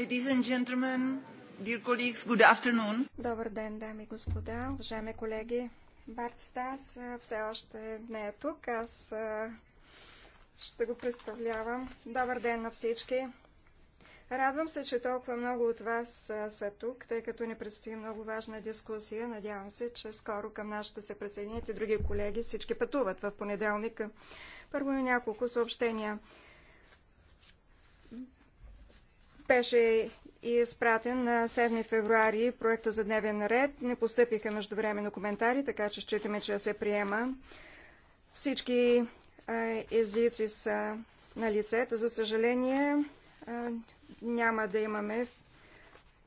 Ladies and gentlemen, dear colleagues, good afternoon. Добър ден, дами и господа, уважаеми колеги. Барт Стас все още не е тук. Аз ще го представлявам. Добър ден на всички. Радвам се, че толкова много от вас са тук, тъй като ни предстои много важна дискусия. Надявам се, че скоро към нас ще се присъединят и други колеги. Всички пътуват в понеделник. Първо и няколко съобщения беше изпратен на 7 февруари проекта за дневен ред. Не постъпиха междувременно коментари, така че считаме, че се приема. Всички езици са на лицета. За съжаление, няма да имаме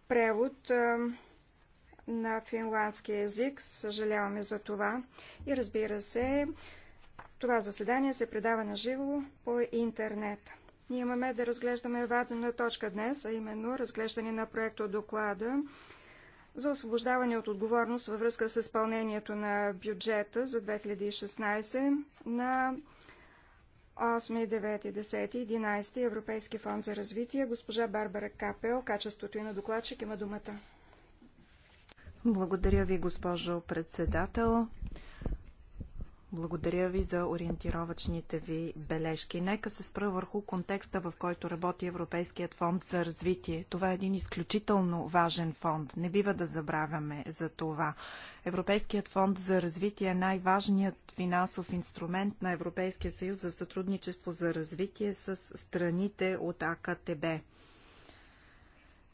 превод на финландски език. Съжаляваме за това. И разбира се, това заседание се предава на живо по интернет. Ние имаме да разглеждаме вадена точка днес, а именно разглеждане на проекта доклада за освобождаване от отговорност във връзка с изпълнението на бюджета за 2016 на 8, 9, 10, 11 Европейски фонд за развитие. Госпожа Барбара Капел, качеството и на докладчик, има думата. Благодаря ви, госпожо председател. Благодаря ви за ориентировачните ви бележки. Нека се спра върху контекста, в който работи Европейският фонд за развитие. Това е един изключително важен фонд. Не бива да забравяме за това. Европейският фонд за развитие е най-важният финансов инструмент на Европейския съюз за сътрудничество за развитие с страните от АКТБ.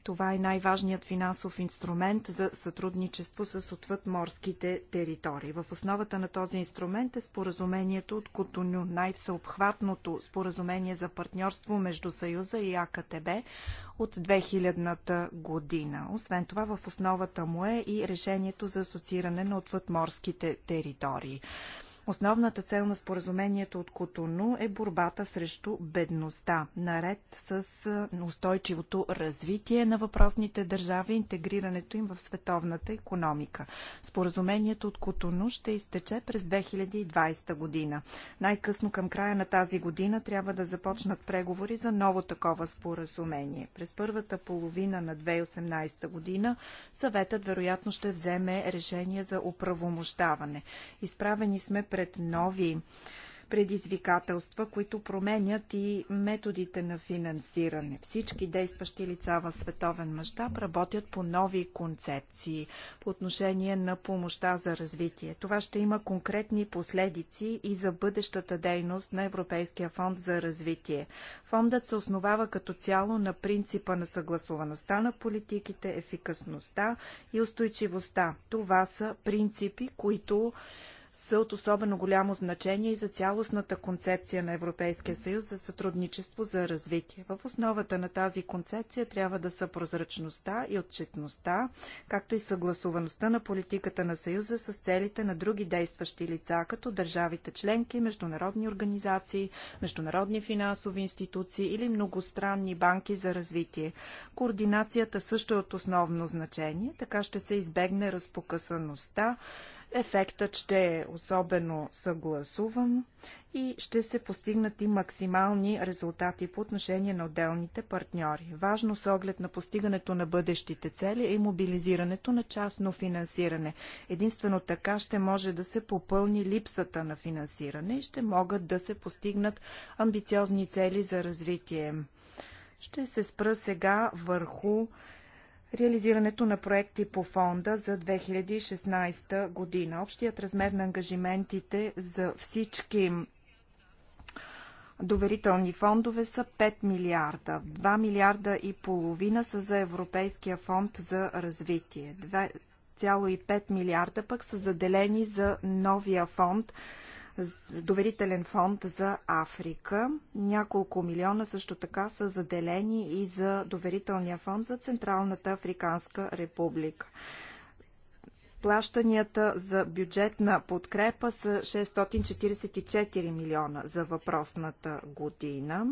Това е най-важният финансов инструмент за сътрудничество с отвъдморските територии. В основата на този инструмент е споразумението от Котоню, най-всеобхватното споразумение за партньорство между Съюза и АКТБ от 2000-та година. Освен това, в основата му е и решението за асоцииране на отвъдморските територии. Основната цел на споразумението от Котону е борбата срещу бедността, наред с устойчивото развитие на въпросните държави, интегрирането им в световната економика. Споразумението от Котону ще изтече през 2020 година. Най-късно към края на тази година трябва да започнат преговори за ново такова споразумение. През първата половина на 2018 година съветът вероятно ще вземе решение за оправомощаване. Изправени сме пред нови предизвикателства, които променят и методите на финансиране. Всички действащи лица в световен мащаб работят по нови концепции по отношение на помощта за развитие. Това ще има конкретни последици и за бъдещата дейност на Европейския фонд за развитие. Фондът се основава като цяло на принципа на съгласуваността на политиките, ефикасността и устойчивостта. Това са принципи, които са от особено голямо значение и за цялостната концепция на Европейския съюз за сътрудничество за развитие. В основата на тази концепция трябва да са прозрачността и отчетността, както и съгласуваността на политиката на съюза с целите на други действащи лица, като държавите членки, международни организации, международни финансови институции или многостранни банки за развитие. Координацията също е от основно значение, така ще се избегне разпокъсаността, Ефектът ще е особено съгласуван и ще се постигнат и максимални резултати по отношение на отделните партньори. Важно с оглед на постигането на бъдещите цели е и мобилизирането на частно финансиране. Единствено така ще може да се попълни липсата на финансиране и ще могат да се постигнат амбициозни цели за развитие. Ще се спра сега върху реализирането на проекти по фонда за 2016 година. Общият размер на ангажиментите за всички доверителни фондове са 5 милиарда. 2 милиарда и половина са за Европейския фонд за развитие. 2,5 милиарда пък са заделени за новия фонд доверителен фонд за Африка. Няколко милиона също така са заделени и за доверителния фонд за Централната Африканска република. Плащанията за бюджетна подкрепа са 644 милиона за въпросната година.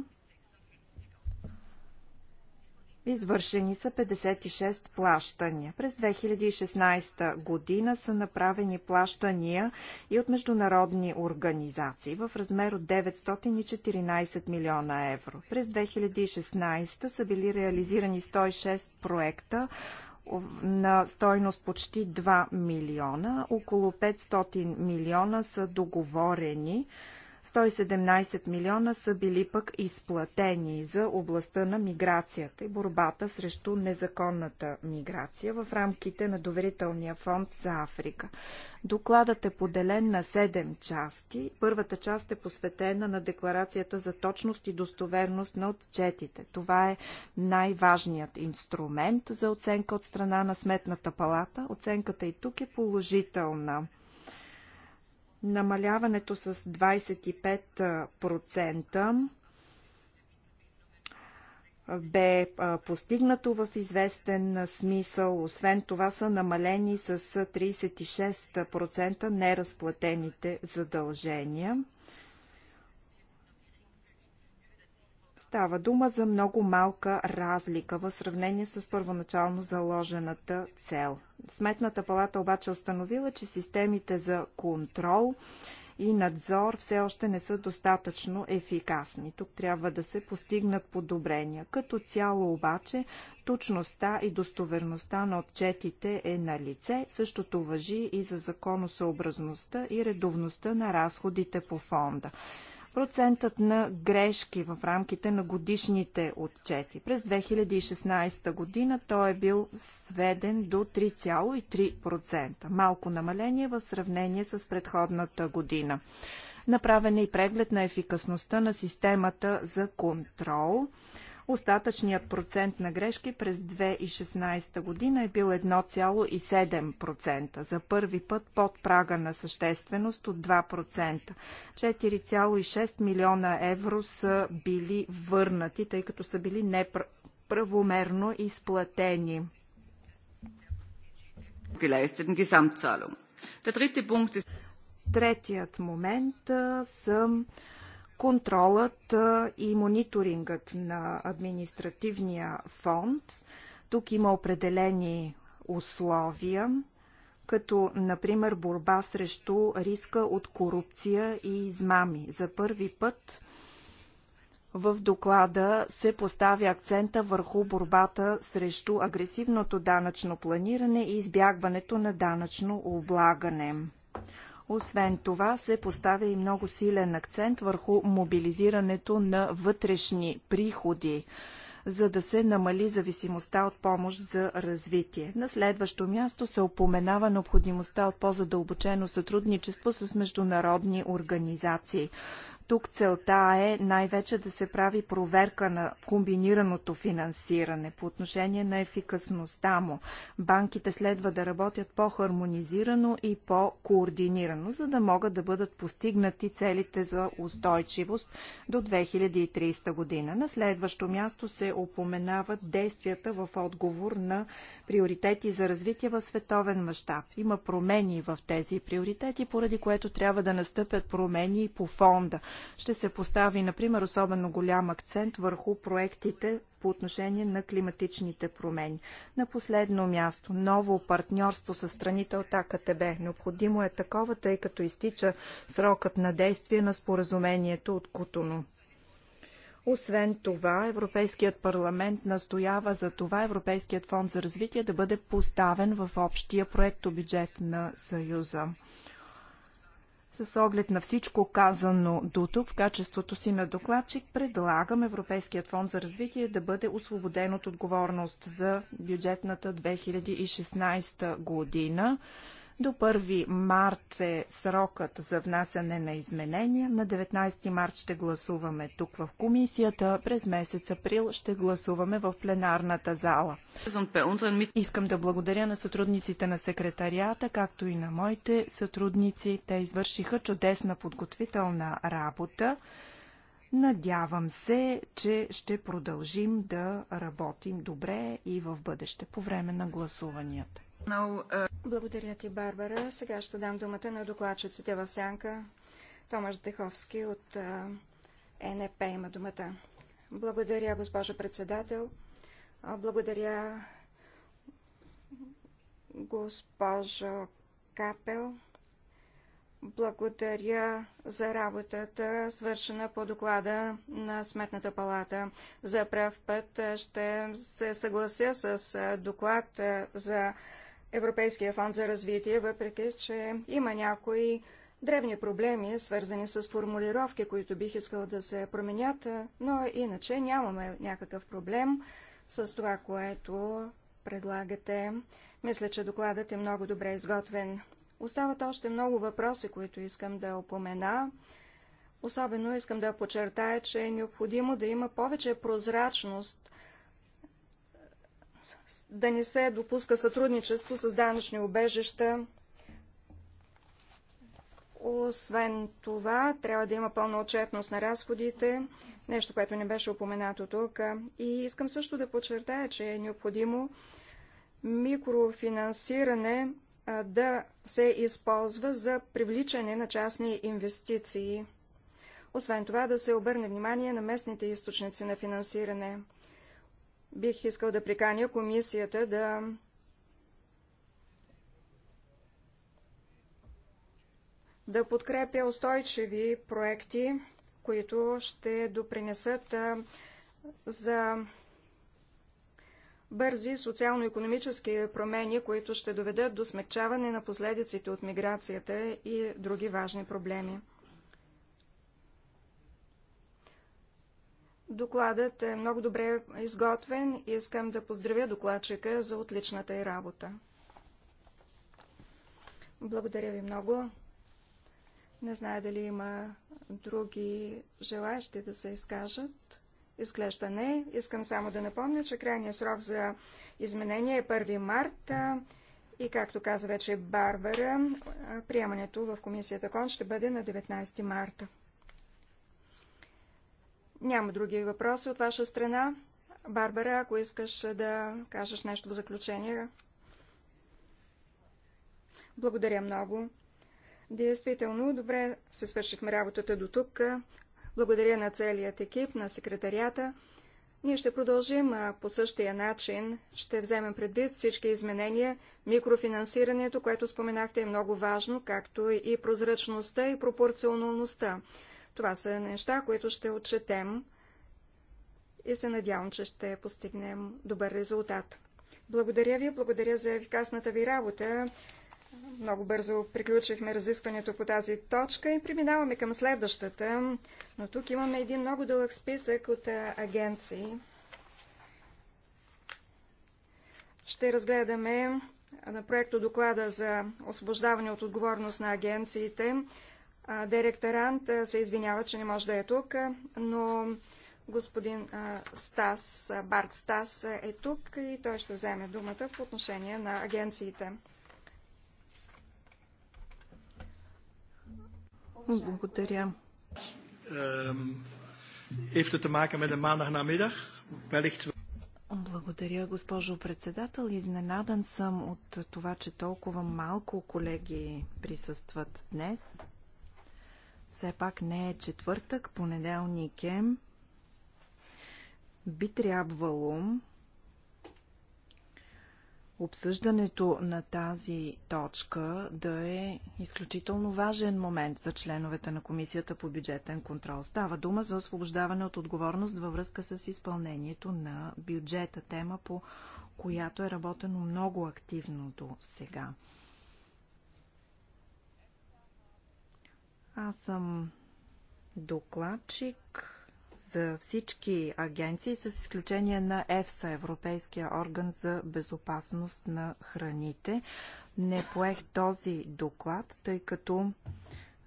Извършени са 56 плащания. През 2016 година са направени плащания и от международни организации в размер от 914 милиона евро. През 2016 са били реализирани 106 проекта на стойност почти 2 милиона. Около 500 милиона са договорени. 117 милиона са били пък изплатени за областта на миграцията и борбата срещу незаконната миграция в рамките на доверителния фонд за Африка. Докладът е поделен на 7 части. Първата част е посветена на декларацията за точност и достоверност на отчетите. Това е най-важният инструмент за оценка от страна на Сметната палата. Оценката и тук е положителна намаляването с 25% бе постигнато в известен смисъл. Освен това са намалени с 36% неразплатените задължения. Става дума за много малка разлика в сравнение с първоначално заложената цел. Сметната палата обаче установила, че системите за контрол и надзор все още не са достатъчно ефикасни. Тук трябва да се постигнат подобрения. Като цяло обаче точността и достоверността на отчетите е на лице. Същото въжи и за законосъобразността и редовността на разходите по фонда процентът на грешки в рамките на годишните отчети. През 2016 година той е бил сведен до 3,3%. Малко намаление в сравнение с предходната година. Направен е и преглед на ефикасността на системата за контрол. Остатъчният процент на грешки през 2016 година е бил 1,7%. За първи път под прага на същественост от 2%. 4,6 милиона евро са били върнати, тъй като са били неправомерно изплатени. Е- Третият момент са контролът и мониторингът на административния фонд. Тук има определени условия, като например борба срещу риска от корупция и измами. За първи път в доклада се поставя акцента върху борбата срещу агресивното данъчно планиране и избягването на данъчно облагане. Освен това се поставя и много силен акцент върху мобилизирането на вътрешни приходи за да се намали зависимостта от помощ за развитие. На следващо място се опоменава необходимостта от по-задълбочено сътрудничество с международни организации. Тук целта е най-вече да се прави проверка на комбинираното финансиране по отношение на ефикасността му. Банките следва да работят по-хармонизирано и по-координирано, за да могат да бъдат постигнати целите за устойчивост до 2030 година. На следващо място се упоменават действията в отговор на приоритети за развитие в световен мащаб. Има промени в тези приоритети, поради което трябва да настъпят промени и по фонда. Ще се постави, например, особено голям акцент върху проектите по отношение на климатичните промени. На последно място, ново партньорство с страните от АКТБ. Необходимо е такова, тъй като изтича срокът на действие на споразумението от Кутуно. Освен това, Европейският парламент настоява за това Европейският фонд за развитие да бъде поставен в общия бюджет на Съюза. С оглед на всичко казано до тук, в качеството си на докладчик, предлагам Европейският фонд за развитие да бъде освободен от отговорност за бюджетната 2016 година. До 1 март е срокът за внасяне на изменения. На 19 март ще гласуваме тук в комисията. През месец април ще гласуваме в пленарната зала. Искам да благодаря на сътрудниците на секретарията, както и на моите сътрудници. Те извършиха чудесна подготвителна работа. Надявам се, че ще продължим да работим добре и в бъдеще по време на гласуванията. Благодаря ти, Барбара. Сега ще дам думата на докладчиците в сянка. Томаш Деховски от ЕНП има думата. Благодаря, госпожо председател. Благодаря, госпожо Капел. Благодаря за работата, свършена по доклада на Сметната палата. За прав път ще се съглася с доклад за Европейския фонд за развитие, въпреки че има някои древни проблеми, свързани с формулировки, които бих искал да се променят, но иначе нямаме някакъв проблем с това, което предлагате. Мисля, че докладът е много добре изготвен. Остават още много въпроси, които искам да опомена. Особено искам да подчертая, че е необходимо да има повече прозрачност да не се допуска сътрудничество с данъчни убежища. Освен това, трябва да има пълна отчетност на разходите, нещо, което не беше упоменато тук. И искам също да подчертая, че е необходимо микрофинансиране да се използва за привличане на частни инвестиции. Освен това да се обърне внимание на местните източници на финансиране. Бих искал да приканя комисията да да подкрепя устойчиви проекти, които ще допринесат за бързи социално-економически промени, които ще доведат до смягчаване на последиците от миграцията и други важни проблеми. Докладът е много добре изготвен и искам да поздравя докладчика за отличната й работа. Благодаря ви много. Не знае дали има други желаящи да се изкажат. Изглежда не. Искам само да напомня, че крайният срок за изменение е 1 марта и, както каза вече Барбара, приемането в комисията КОН ще бъде на 19 марта. Няма други въпроси от ваша страна. Барбара, ако искаш да кажеш нещо в заключение. Благодаря много. Действително, добре се свършихме работата до тук. Благодаря на целият екип, на секретарията. Ние ще продължим по същия начин. Ще вземем предвид всички изменения. Микрофинансирането, което споменахте, е много важно, както и прозрачността и пропорционалността. Това са неща, които ще отчетем и се надявам, че ще постигнем добър резултат. Благодаря ви, благодаря за ефикасната ви работа. Много бързо приключихме разискването по тази точка и преминаваме към следващата, но тук имаме един много дълъг списък от агенции. Ще разгледаме на проекто доклада за освобождаване от отговорност на агенциите. Директорант се извинява, че не може да е тук, но господин Стас, Барт Стас е тук и той ще вземе думата в отношение на агенциите. Благодаря. Благодаря, госпожо председател. Изненадан съм от това, че толкова малко колеги присъстват днес все пак не е четвъртък, понеделник е. Би трябвало обсъждането на тази точка да е изключително важен момент за членовете на Комисията по бюджетен контрол. Става дума за освобождаване от отговорност във връзка с изпълнението на бюджета, тема по която е работено много активно до сега. Аз съм докладчик за всички агенции, с изключение на ЕФСА, Европейския орган за безопасност на храните. Не поех този доклад, тъй като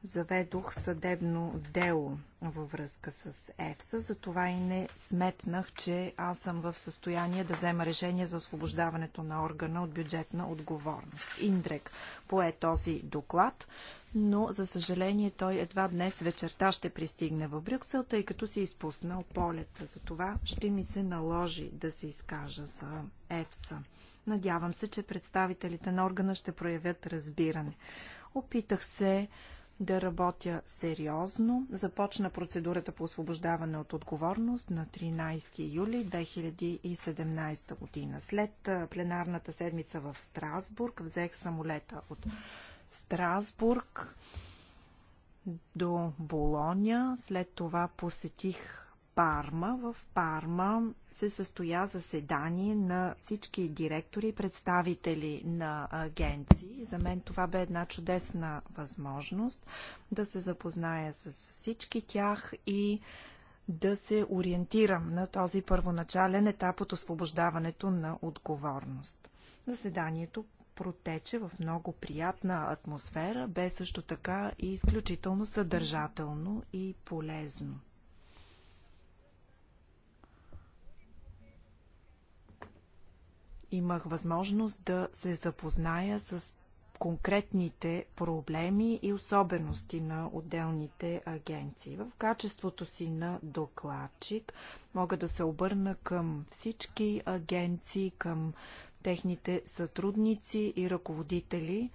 заведох съдебно дело във връзка с ЕФСА, затова и не сметнах, че аз съм в състояние да взема решение за освобождаването на органа от бюджетна отговорност. Индрек пое този доклад но за съжаление той едва днес вечерта ще пристигне в Брюксел, тъй като си е изпуснал полета. За това ще ми се наложи да се изкажа за ЕФСА. Надявам се, че представителите на органа ще проявят разбиране. Опитах се да работя сериозно. Започна процедурата по освобождаване от отговорност на 13 юли 2017 година. След пленарната седмица в Страсбург взех самолета от Страсбург до Болоня. След това посетих Парма. В Парма се състоя заседание на всички директори и представители на агенции. За мен това бе една чудесна възможност да се запозная с всички тях и да се ориентирам на този първоначален етап от освобождаването на отговорност. Заседанието протече в много приятна атмосфера, бе също така и изключително съдържателно и полезно. Имах възможност да се запозная с конкретните проблеми и особености на отделните агенции. В качеството си на докладчик мога да се обърна към всички агенции, към техните сътрудници и ръководители,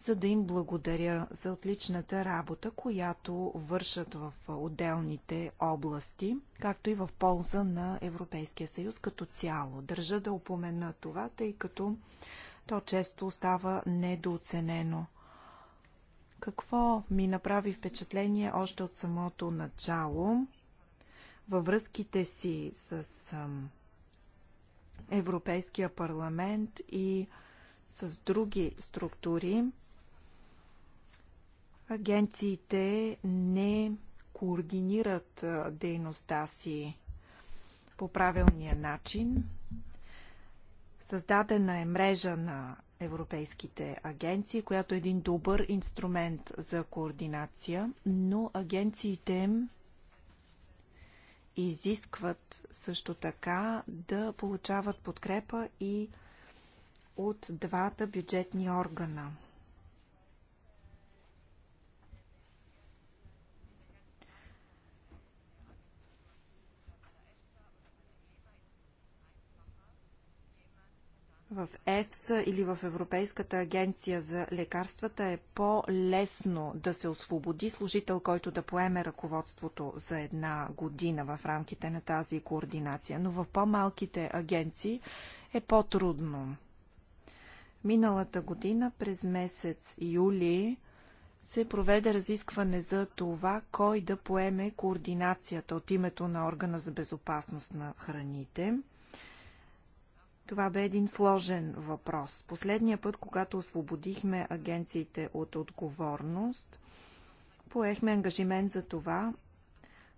за да им благодаря за отличната работа, която вършат в отделните области, както и в полза на Европейския съюз като цяло. Държа да упомена това, тъй като то често става недооценено. Какво ми направи впечатление още от самото начало? Във връзките си с Европейския парламент и с други структури, агенциите не координират дейността си по правилния начин. Създадена е мрежа на европейските агенции, която е един добър инструмент за координация, но агенциите им изискват също така да получават подкрепа и от двата бюджетни органа. в ЕФСА или в Европейската агенция за лекарствата е по-лесно да се освободи служител, който да поеме ръководството за една година в рамките на тази координация, но в по-малките агенции е по-трудно. Миналата година през месец юли се проведе разискване за това, кой да поеме координацията от името на органа за безопасност на храните – това бе един сложен въпрос. Последния път, когато освободихме агенциите от отговорност, поехме ангажимент за това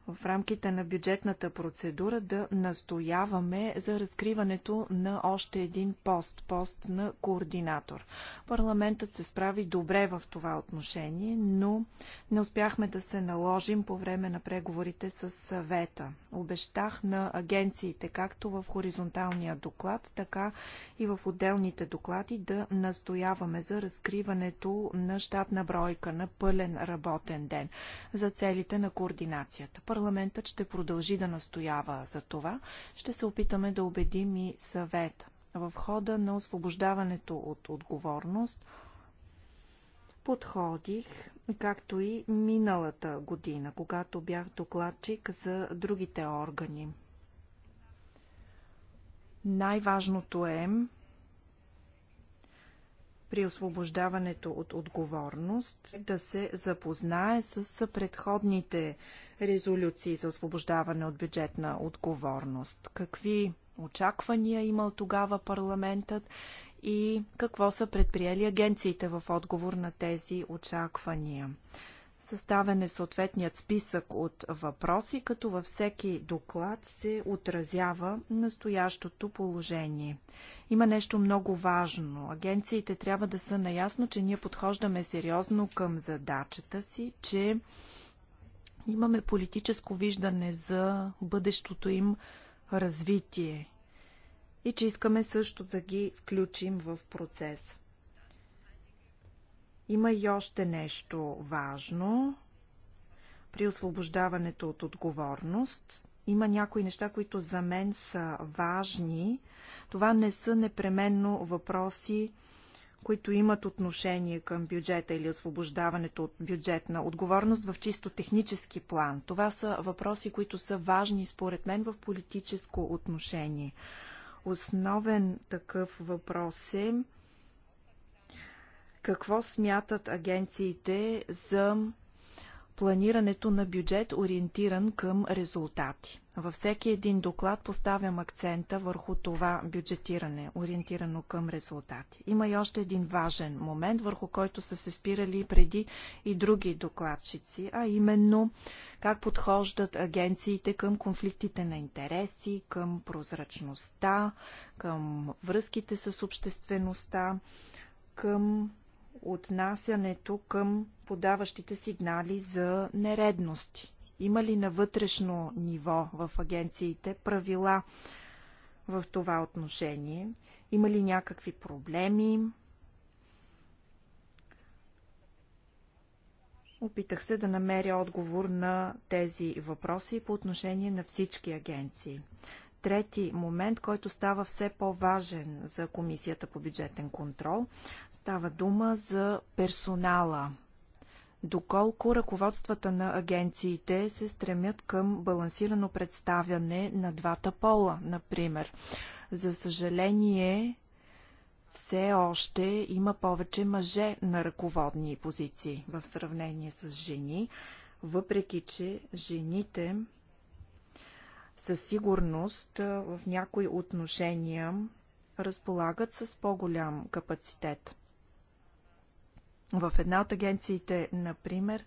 в рамките на бюджетната процедура да настояваме за разкриването на още един пост, пост на координатор. Парламентът се справи добре в това отношение, но не успяхме да се наложим по време на преговорите с съвета. Обещах на агенциите, както в хоризонталния доклад, така и в отделните доклади да настояваме за разкриването на щатна бройка на пълен работен ден за целите на координацията парламентът ще продължи да настоява за това. Ще се опитаме да убедим и съвет. В хода на освобождаването от отговорност подходих, както и миналата година, когато бях докладчик за другите органи. Най-важното е при освобождаването от отговорност да се запознае с предходните резолюции за освобождаване от бюджетна отговорност. Какви очаквания е имал тогава парламентът и какво са предприели агенциите в отговор на тези очаквания. Съставен е съответният списък от въпроси, като във всеки доклад се отразява настоящото положение. Има нещо много важно. Агенциите трябва да са наясно, че ние подхождаме сериозно към задачата си, че имаме политическо виждане за бъдещото им развитие и че искаме също да ги включим в процеса. Има и още нещо важно. При освобождаването от отговорност има някои неща, които за мен са важни. Това не са непременно въпроси, които имат отношение към бюджета или освобождаването от бюджетна отговорност в чисто технически план. Това са въпроси, които са важни според мен в политическо отношение. Основен такъв въпрос е какво смятат агенциите за планирането на бюджет, ориентиран към резултати. Във всеки един доклад поставям акцента върху това бюджетиране, ориентирано към резултати. Има и още един важен момент, върху който са се спирали преди и други докладчици, а именно как подхождат агенциите към конфликтите на интереси, към прозрачността, към връзките с обществеността, към отнасянето към подаващите сигнали за нередности? Има ли на вътрешно ниво в агенциите правила в това отношение? Има ли някакви проблеми? Опитах се да намеря отговор на тези въпроси по отношение на всички агенции трети момент, който става все по-важен за Комисията по бюджетен контрол. Става дума за персонала. Доколко ръководствата на агенциите се стремят към балансирано представяне на двата пола, например. За съжаление, все още има повече мъже на ръководни позиции в сравнение с жени, въпреки че жените със сигурност в някои отношения разполагат с по-голям капацитет. В една от агенциите, например,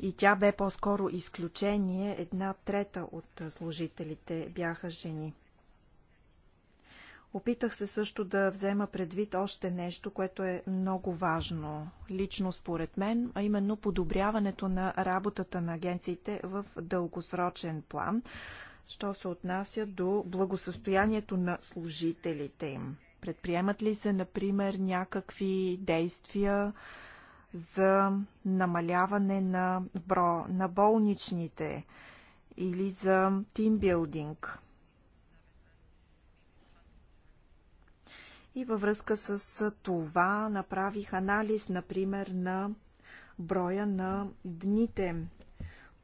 и тя бе по-скоро изключение, една трета от служителите бяха жени. Опитах се също да взема предвид още нещо, което е много важно лично според мен, а именно подобряването на работата на агенциите в дългосрочен план, що се отнася до благосъстоянието на служителите им. Предприемат ли се, например, някакви действия за намаляване на бро на болничните или за тимбилдинг? И във връзка с това направих анализ, например, на броя на дните,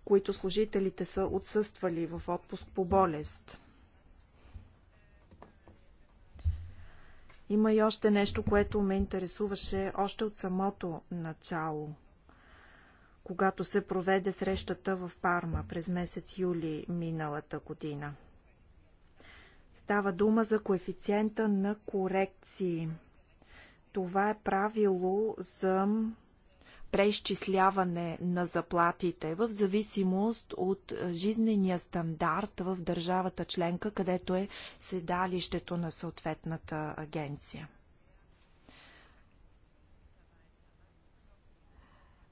които служителите са отсъствали в отпуск по болест. Има и още нещо, което ме интересуваше още от самото начало, когато се проведе срещата в Парма през месец юли миналата година – Става дума за коефициента на корекции. Това е правило за преизчисляване на заплатите в зависимост от жизнения стандарт в държавата членка, където е седалището на съответната агенция.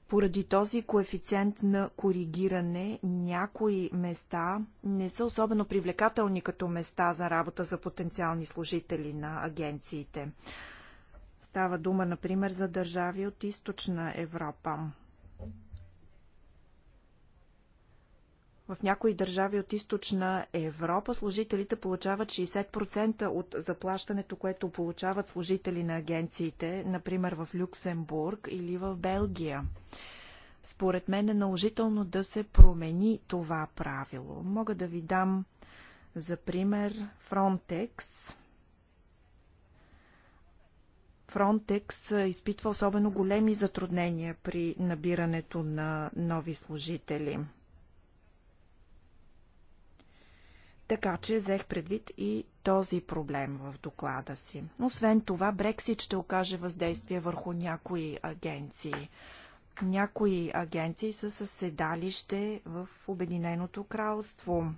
Поради този коефициент на коригиране някои места не са особено привлекателни като места за работа за потенциални служители на агенциите. Става дума, например, за държави от източна Европа. В някои държави от източна Европа служителите получават 60% от заплащането, което получават служители на агенциите, например в Люксембург или в Белгия. Според мен е наложително да се промени това правило. Мога да ви дам за пример Frontex. Frontex изпитва особено големи затруднения при набирането на нови служители – Така че взех предвид и този проблем в доклада си. Освен това, Брексит ще окаже въздействие върху някои агенции. Някои агенции са със седалище в Обединеното кралство.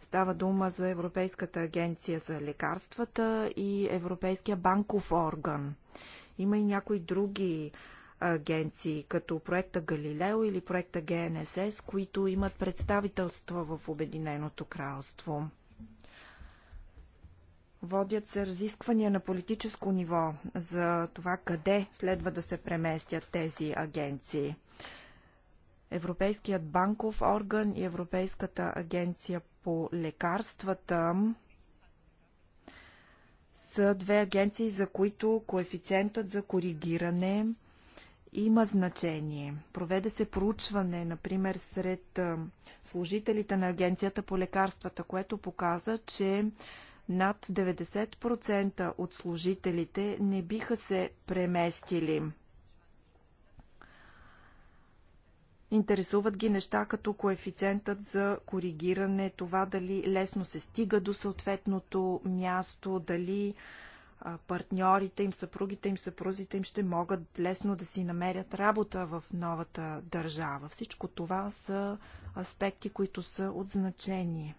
Става дума за Европейската агенция за лекарствата и Европейския банков орган. Има и някои други агенции, като проекта Галилео или проекта ГНСС, които имат представителства в Обединеното кралство. Водят се разисквания на политическо ниво за това къде следва да се преместят тези агенции. Европейският банков орган и Европейската агенция по лекарствата са две агенции, за които коефициентът за коригиране има значение. Проведе се проучване, например, сред служителите на Агенцията по лекарствата, което показа, че над 90% от служителите не биха се преместили. Интересуват ги неща като коефициентът за коригиране, това дали лесно се стига до съответното място, дали партньорите им, съпругите им, съпрузите им ще могат лесно да си намерят работа в новата държава. Всичко това са аспекти, които са от значение.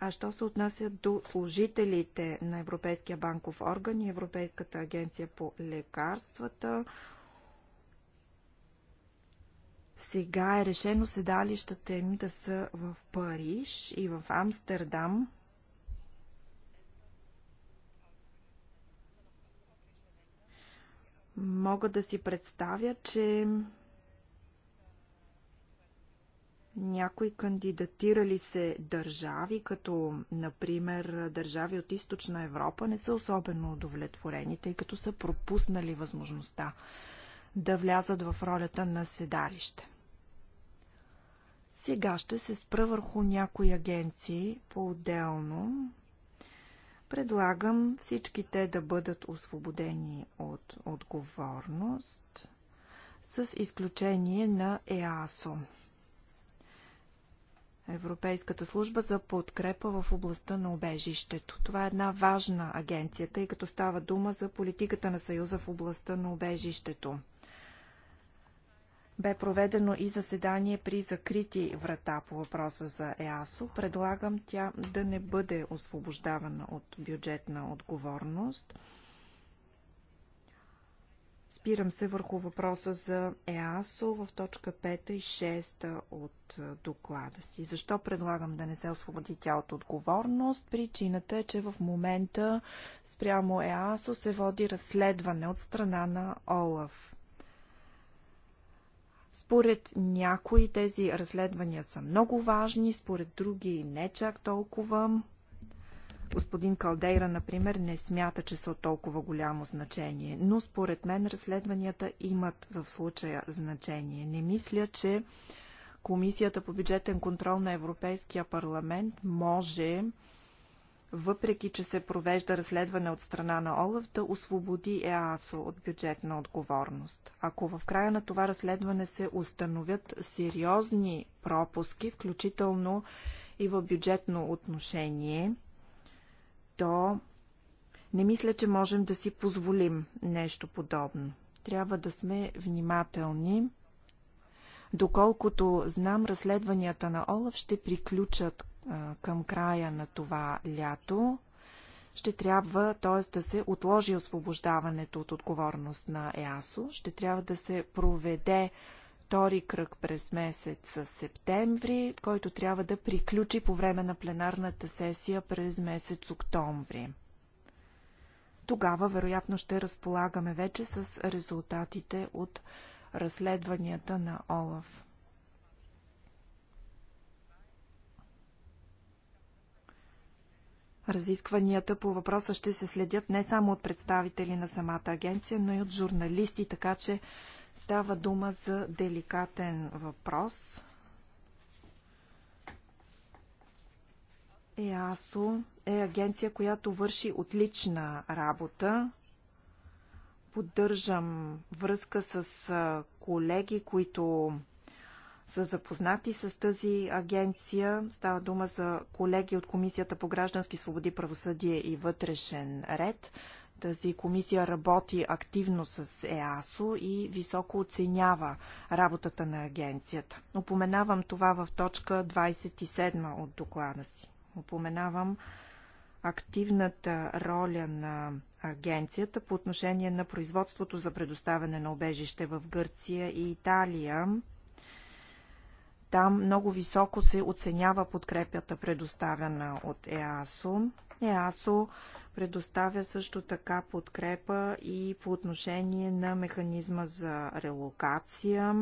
А що се отнася до служителите на Европейския банков орган и Европейската агенция по лекарствата, сега е решено седалищата им да са в Париж и в Амстердам. Мога да си представя, че някои кандидатирали се държави, като например държави от източна Европа, не са особено удовлетворени, тъй като са пропуснали възможността да влязат в ролята на седалище. Сега ще се спра върху някои агенции по-отделно предлагам всички те да бъдат освободени от отговорност с изключение на ЕАСО. Европейската служба за подкрепа в областта на обежището. Това е една важна агенция, тъй като става дума за политиката на Съюза в областта на обежището бе проведено и заседание при закрити врата по въпроса за ЕАСО. Предлагам тя да не бъде освобождавана от бюджетна отговорност. Спирам се върху въпроса за ЕАСО в точка 5 и 6 от доклада си. Защо предлагам да не се освободи тя от отговорност? Причината е, че в момента спрямо ЕАСО се води разследване от страна на ОЛАФ. Според някои тези разследвания са много важни, според други не чак толкова. Господин Калдейра, например, не смята, че са от толкова голямо значение, но според мен разследванията имат в случая значение. Не мисля, че Комисията по бюджетен контрол на Европейския парламент може въпреки че се провежда разследване от страна на Олаф, да освободи ЕАСО от бюджетна отговорност. Ако в края на това разследване се установят сериозни пропуски, включително и в бюджетно отношение, то не мисля, че можем да си позволим нещо подобно. Трябва да сме внимателни. Доколкото знам, разследванията на Олаф ще приключат към края на това лято. Ще трябва, т.е. да се отложи освобождаването от отговорност на ЕАСО. Ще трябва да се проведе втори кръг през месец септември, който трябва да приключи по време на пленарната сесия през месец октомври. Тогава, вероятно, ще разполагаме вече с резултатите от разследванията на Олаф. Разискванията по въпроса ще се следят не само от представители на самата агенция, но и от журналисти, така че става дума за деликатен въпрос. ЕАСО е агенция, която върши отлична работа. Поддържам връзка с колеги, които са запознати с тази агенция. Става дума за колеги от Комисията по граждански свободи, правосъдие и вътрешен ред. Тази комисия работи активно с ЕАСО и високо оценява работата на агенцията. Опоменавам това в точка 27 от доклада си. Опоменавам активната роля на агенцията по отношение на производството за предоставяне на обежище в Гърция и Италия там много високо се оценява подкрепята, предоставена от ЕАСО. ЕАСО предоставя също така подкрепа и по отношение на механизма за релокация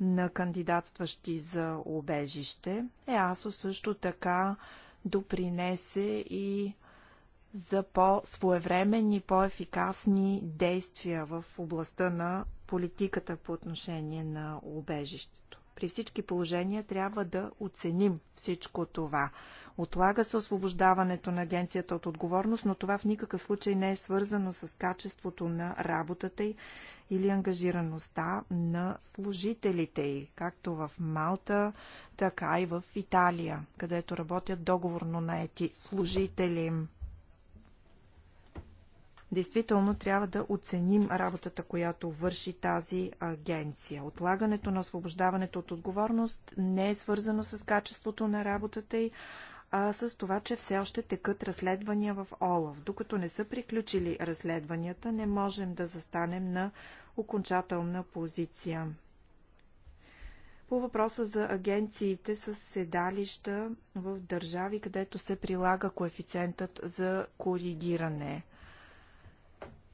на кандидатстващи за обежище. ЕАСО също така допринесе и за по-своевременни, по-ефикасни действия в областта на политиката по отношение на обежището. При всички положения трябва да оценим всичко това. Отлага се освобождаването на агенцията от отговорност, но това в никакъв случай не е свързано с качеството на работата й или ангажираността на служителите й, както в Малта, така и в Италия, където работят договорно наети служители. Действително трябва да оценим работата, която върши тази агенция. Отлагането на освобождаването от отговорност не е свързано с качеството на работата й, а с това, че все още текат разследвания в ОЛАВ. Докато не са приключили разследванията, не можем да застанем на окончателна позиция. По въпроса за агенциите с седалища в държави, където се прилага коефициентът за коригиране.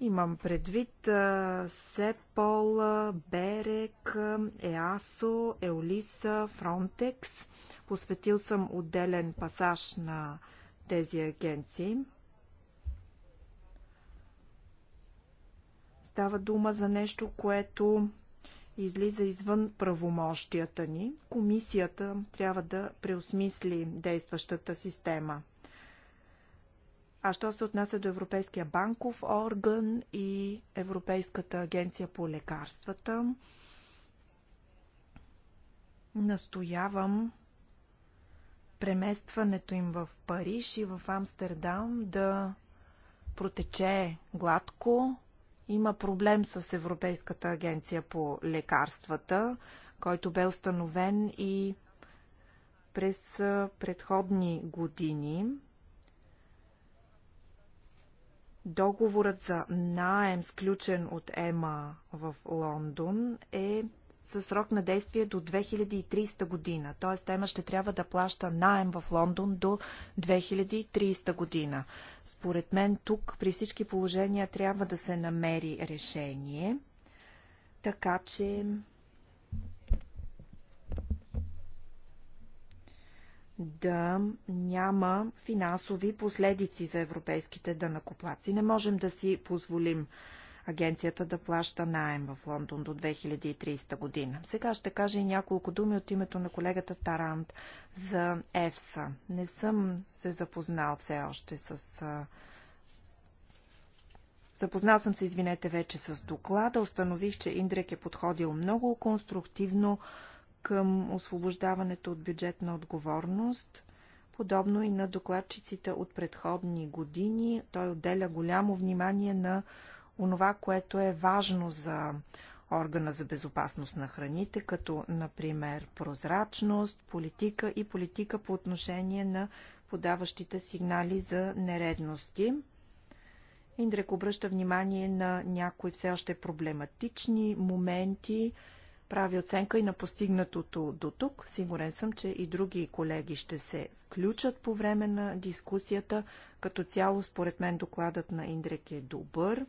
Имам предвид СЕПОЛ, БЕРЕК, ЕАСО, ЕОЛИСА, Фронтекс. Посветил съм отделен пасаж на тези агенции. Става дума за нещо, което излиза извън правомощията ни. Комисията трябва да преосмисли действащата система. А що се отнася до Европейския банков орган и Европейската агенция по лекарствата, настоявам преместването им в Париж и в Амстердам да протече гладко. Има проблем с Европейската агенция по лекарствата, който бе установен и през предходни години. Договорът за наем, сключен от ЕМА в Лондон, е със срок на действие до 2300 година. Т.е. Ема ще трябва да плаща найем в Лондон до 2300 година. Според мен тук при всички положения трябва да се намери решение, така че да няма финансови последици за европейските дънакоплаци. Не можем да си позволим агенцията да плаща найем в Лондон до 2030 година. Сега ще кажа и няколко думи от името на колегата Тарант за ЕФСА. Не съм се запознал все още с... Запознал съм се, извинете, вече с доклада. Установих, че Индрек е подходил много конструктивно, към освобождаването от бюджетна отговорност. Подобно и на докладчиците от предходни години, той отделя голямо внимание на онова, което е важно за органа за безопасност на храните, като например прозрачност, политика и политика по отношение на подаващите сигнали за нередности. Индрек обръща внимание на някои все още проблематични моменти, прави оценка и на постигнатото до тук. Сигурен съм, че и други колеги ще се включат по време на дискусията. Като цяло, според мен, докладът на Индрек е добър.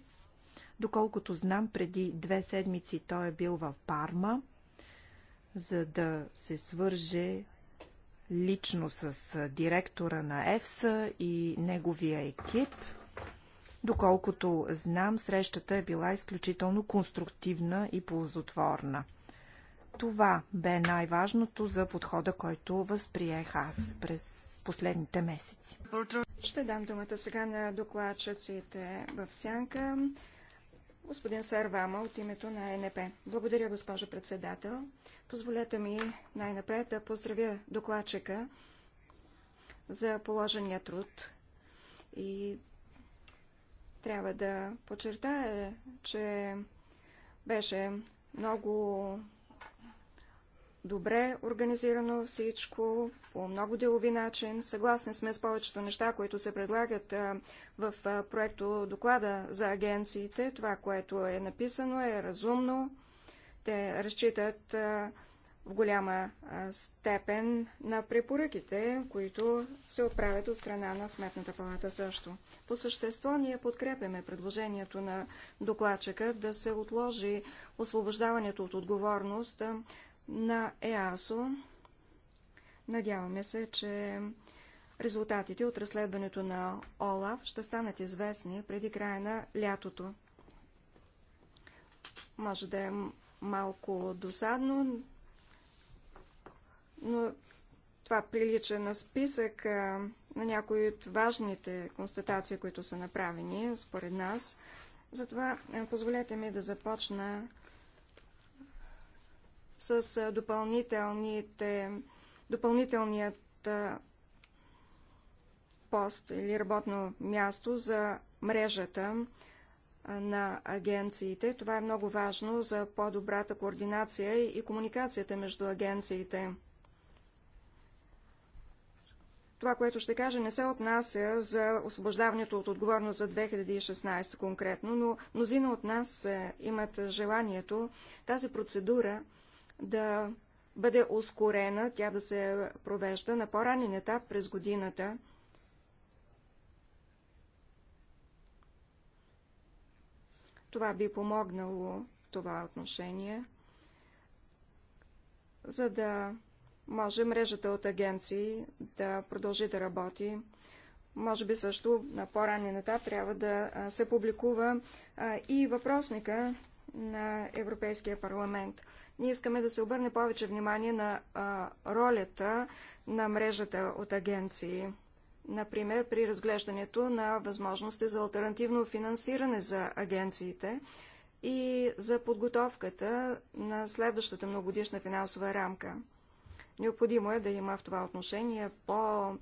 Доколкото знам, преди две седмици той е бил в Парма, за да се свърже лично с директора на ЕФСА и неговия екип. Доколкото знам, срещата е била изключително конструктивна и ползотворна. Това бе най-важното за подхода, който възприех аз през последните месеци. Ще дам думата сега на докладчиците в сянка. Господин Сарвама от името на ЕНП. Благодаря, госпожо председател. Позволете ми най-напред да поздравя докладчика за положения труд и трябва да подчертая, че беше много добре организирано всичко, по много делови начин. Съгласни сме с повечето неща, които се предлагат в проекто доклада за агенциите. Това, което е написано, е разумно. Те разчитат в голяма степен на препоръките, които се отправят от страна на Сметната палата също. По същество ние подкрепяме предложението на докладчика да се отложи освобождаването от отговорност на ЕАСО. Надяваме се, че резултатите от разследването на ОЛАФ ще станат известни преди края на лятото. Може да е малко досадно, но това прилича на списък на някои от важните констатации, които са направени според нас. Затова позволете ми да започна с допълнителните, допълнителният пост или работно място за мрежата на агенциите. Това е много важно за по-добрата координация и комуникацията между агенциите. Това, което ще кажа, не се отнася за освобождаването от отговорност за 2016 конкретно, но мнозина от нас е, имат желанието тази процедура да бъде ускорена, тя да се провежда на по-ранен етап през годината. Това би помогнало в това отношение, за да може мрежата от агенции да продължи да работи. Може би също на по-ранен етап трябва да се публикува и въпросника на Европейския парламент. Ние искаме да се обърне повече внимание на а, ролята на мрежата от агенции. Например, при разглеждането на възможности за альтернативно финансиране за агенциите и за подготовката на следващата многодишна финансова рамка. Необходимо е да има в това отношение по-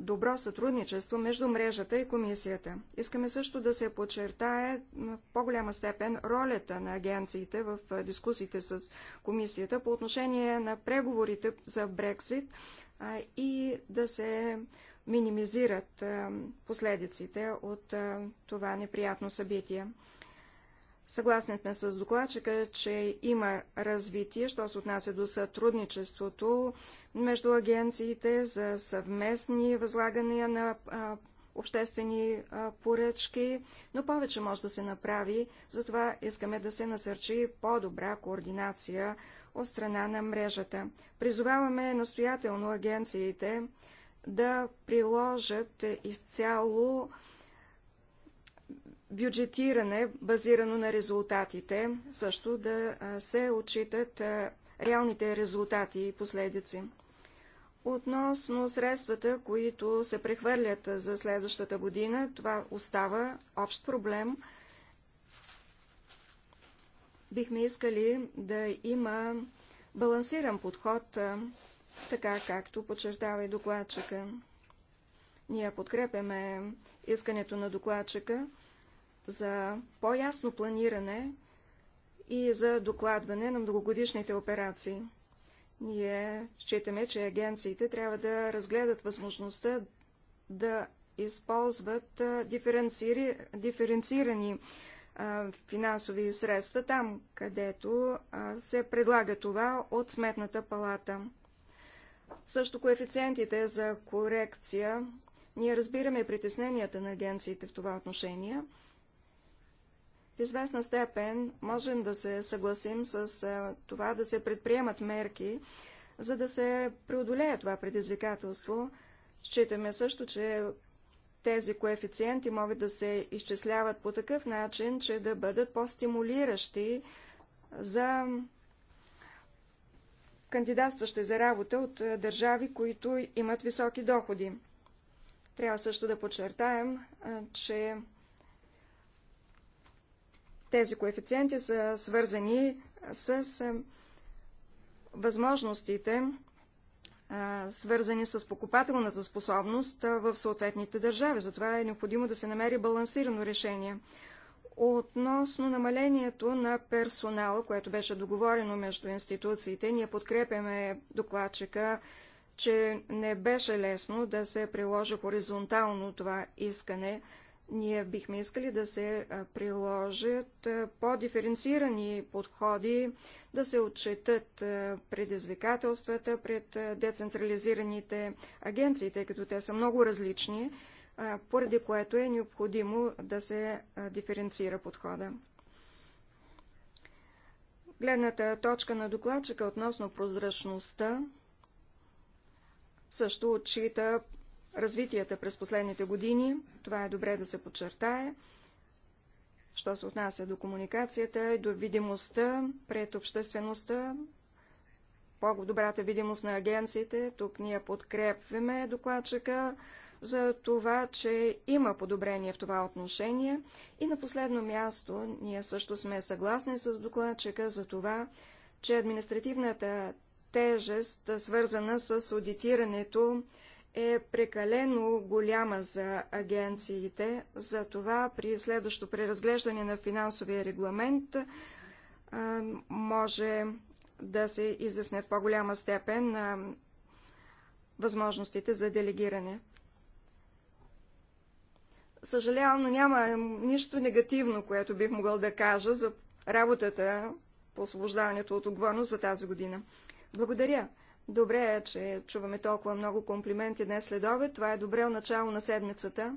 добро сътрудничество между мрежата и комисията. Искаме също да се подчертае в по-голяма степен ролята на агенциите в дискусиите с комисията по отношение на преговорите за Брексит и да се минимизират последиците от това неприятно събитие. Съгласни сме с докладчика, че има развитие, що се отнася до сътрудничеството между агенциите за съвместни възлагания на а, обществени а, поръчки, но повече може да се направи, затова искаме да се насърчи по-добра координация от страна на мрежата. Призоваваме настоятелно агенциите да приложат изцяло бюджетиране, базирано на резултатите, също да се отчитат реалните резултати и последици. Относно средствата, които се прехвърлят за следващата година, това остава общ проблем. Бихме искали да има балансиран подход, така както подчертава и докладчика. Ние подкрепяме искането на докладчика за по-ясно планиране и за докладване на многогодишните операции. Ние считаме, че агенциите трябва да разгледат възможността да използват диференцири... диференцирани а, финансови средства там, където а, се предлага това от Сметната палата. Също коефициентите за корекция. Ние разбираме притесненията на агенциите в това отношение, в известна степен можем да се съгласим с това да се предприемат мерки, за да се преодолее това предизвикателство. Считаме също, че тези коефициенти могат да се изчисляват по такъв начин, че да бъдат по-стимулиращи за кандидатстващи за работа от държави, които имат високи доходи. Трябва също да подчертаем, че тези коефициенти са свързани с възможностите, свързани с покупателната способност в съответните държави. Затова е необходимо да се намери балансирано решение. Относно намалението на персонал, което беше договорено между институциите, ние подкрепяме докладчика, че не беше лесно да се приложи хоризонтално това искане, ние бихме искали да се приложат по-диференцирани подходи, да се отчетат предизвикателствата пред децентрализираните агенции, тъй като те са много различни, поради което е необходимо да се диференцира подхода. Гледната точка на докладчика относно прозрачността също отчита развитията през последните години. Това е добре да се подчертае. Що се отнася до комуникацията и до видимостта пред обществеността, по-добрата видимост на агенциите. Тук ние подкрепваме докладчика за това, че има подобрение в това отношение. И на последно място, ние също сме съгласни с докладчика за това, че административната тежест, свързана с аудитирането е прекалено голяма за агенциите, затова при следващото преразглеждане на финансовия регламент може да се изясне в по-голяма степен възможностите за делегиране. Съжалявам, но няма нищо негативно, което бих могъл да кажа за работата по освобождаването от отговорност за тази година. Благодаря Добре е, че чуваме толкова много комплименти днес след обед. Това е добре от начало на седмицата.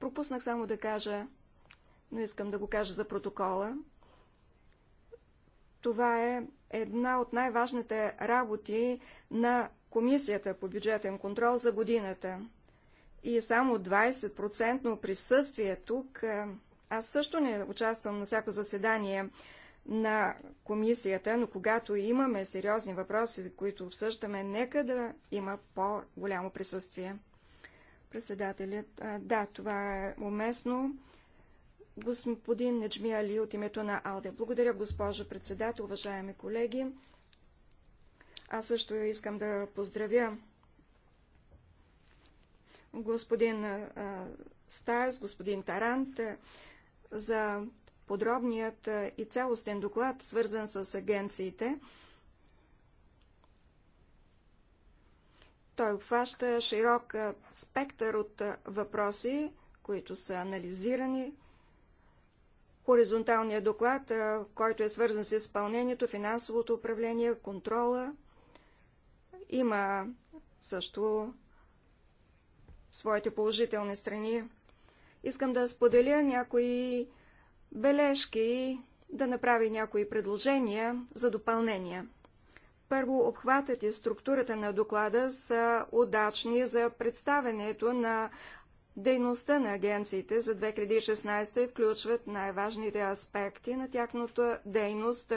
Пропуснах само да кажа, но искам да го кажа за протокола. Това е една от най-важните работи на Комисията по бюджетен контрол за годината. И е само 20% присъствие тук. Аз също не участвам на всяко заседание, на комисията, но когато имаме сериозни въпроси, които обсъждаме, нека да има по-голямо присъствие. Председателят, да, това е уместно. Господин Неджми Али от името на Алде. Благодаря, госпожо председател, уважаеми колеги. Аз също искам да поздравя господин Стайс, господин Тарант за подробният и цялостен доклад, свързан с агенциите. Той обхваща широк спектър от въпроси, които са анализирани. Хоризонталният доклад, който е свързан с изпълнението, финансовото управление, контрола. Има също своите положителни страни. Искам да споделя някои бележки, да направи някои предложения за допълнения. Първо, обхватът и структурата на доклада са удачни за представенето на дейността на агенциите за 2016 и включват най-важните аспекти на тяхната дейност.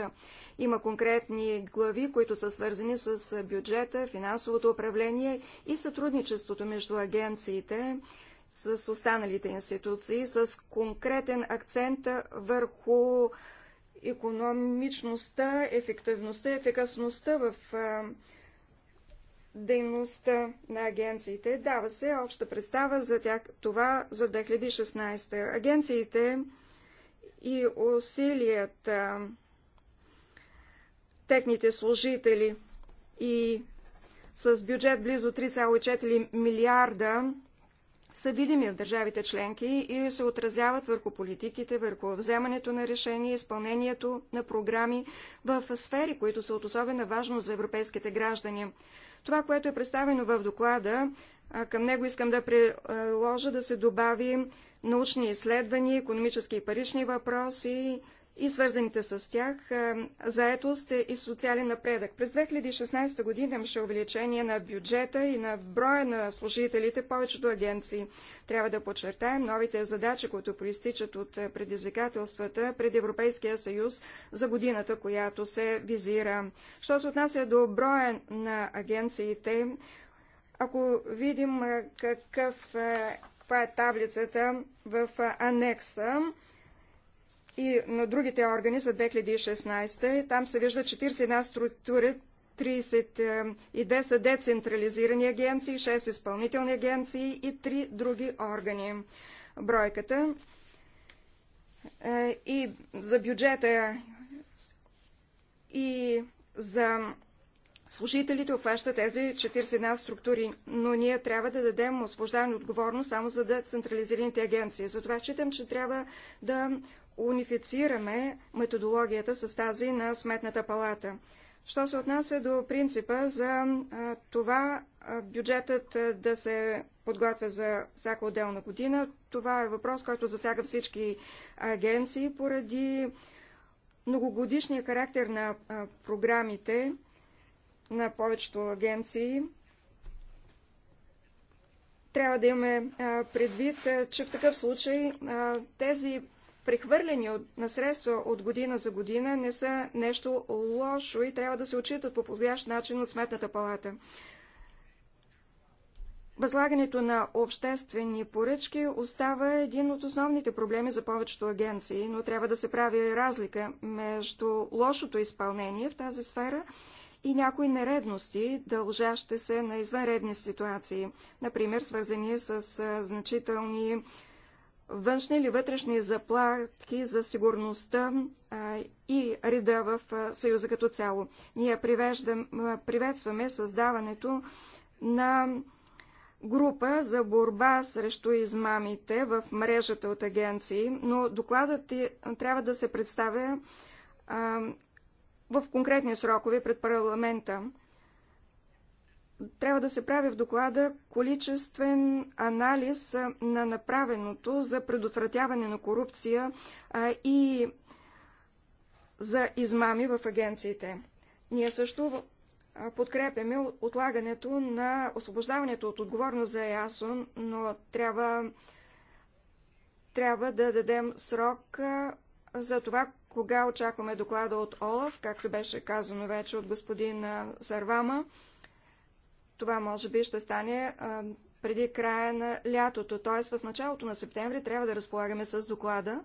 Има конкретни глави, които са свързани с бюджета, финансовото управление и сътрудничеството между агенциите, с останалите институции, с конкретен акцент върху економичността, ефективността, ефикасността в дейността на агенциите. Дава се обща представа за тях, това за 2016. Агенциите и усилията, техните служители и с бюджет близо 3,4 милиарда са видими в държавите членки и се отразяват върху политиките, върху вземането на решения, изпълнението на програми в сфери, които са от особена важност за европейските граждани. Това, което е представено в доклада, към него искам да приложа да се добави научни изследвания, економически и парични въпроси, и свързаните с тях е, заетост и социален напредък. През 2016 година имаше увеличение на бюджета и на броя на служителите, повечето агенции. Трябва да подчертаем новите задачи, които проистичат от е, предизвикателствата пред Европейския съюз за годината, която се визира. Що се отнася до броя на агенциите, ако видим е, какъв, каква е таблицата в анекса, и на другите органи за 2016. Там се вижда 41 структури, 32 са децентрализирани агенции, 6 изпълнителни агенции и 3 други органи. Бройката е, и за бюджета и за служителите обхваща тези 41 структури, но ние трябва да дадем освобождаване отговорност само за децентрализираните агенции. Затова считам, че трябва да унифицираме методологията с тази на Сметната палата. Що се отнася до принципа за това бюджетът да се подготвя за всяка отделна година, това е въпрос, който засяга всички агенции поради многогодишния характер на програмите на повечето агенции. Трябва да имаме предвид, че в такъв случай тези прехвърляни на средства от година за година не са нещо лошо и трябва да се отчитат по подходящ начин от Сметната палата. Възлагането на обществени поръчки остава един от основните проблеми за повечето агенции, но трябва да се прави разлика между лошото изпълнение в тази сфера и някои нередности, дължащи се на извънредни ситуации, например свързани с значителни външни или вътрешни заплахи за сигурността а, и реда в а, Съюза като цяло. Ние приветстваме създаването на група за борба срещу измамите в мрежата от агенции, но докладът трябва да се представя а, в конкретни срокове пред парламента трябва да се прави в доклада количествен анализ на направеното за предотвратяване на корупция и за измами в агенциите. Ние също подкрепяме отлагането на освобождаването от отговорност за ЕАСО, но трябва, трябва да дадем срок за това, кога очакваме доклада от ОЛАФ, както беше казано вече от господин Сарвама. Това може би ще стане а, преди края на лятото, т.е. в началото на септември трябва да разполагаме с доклада,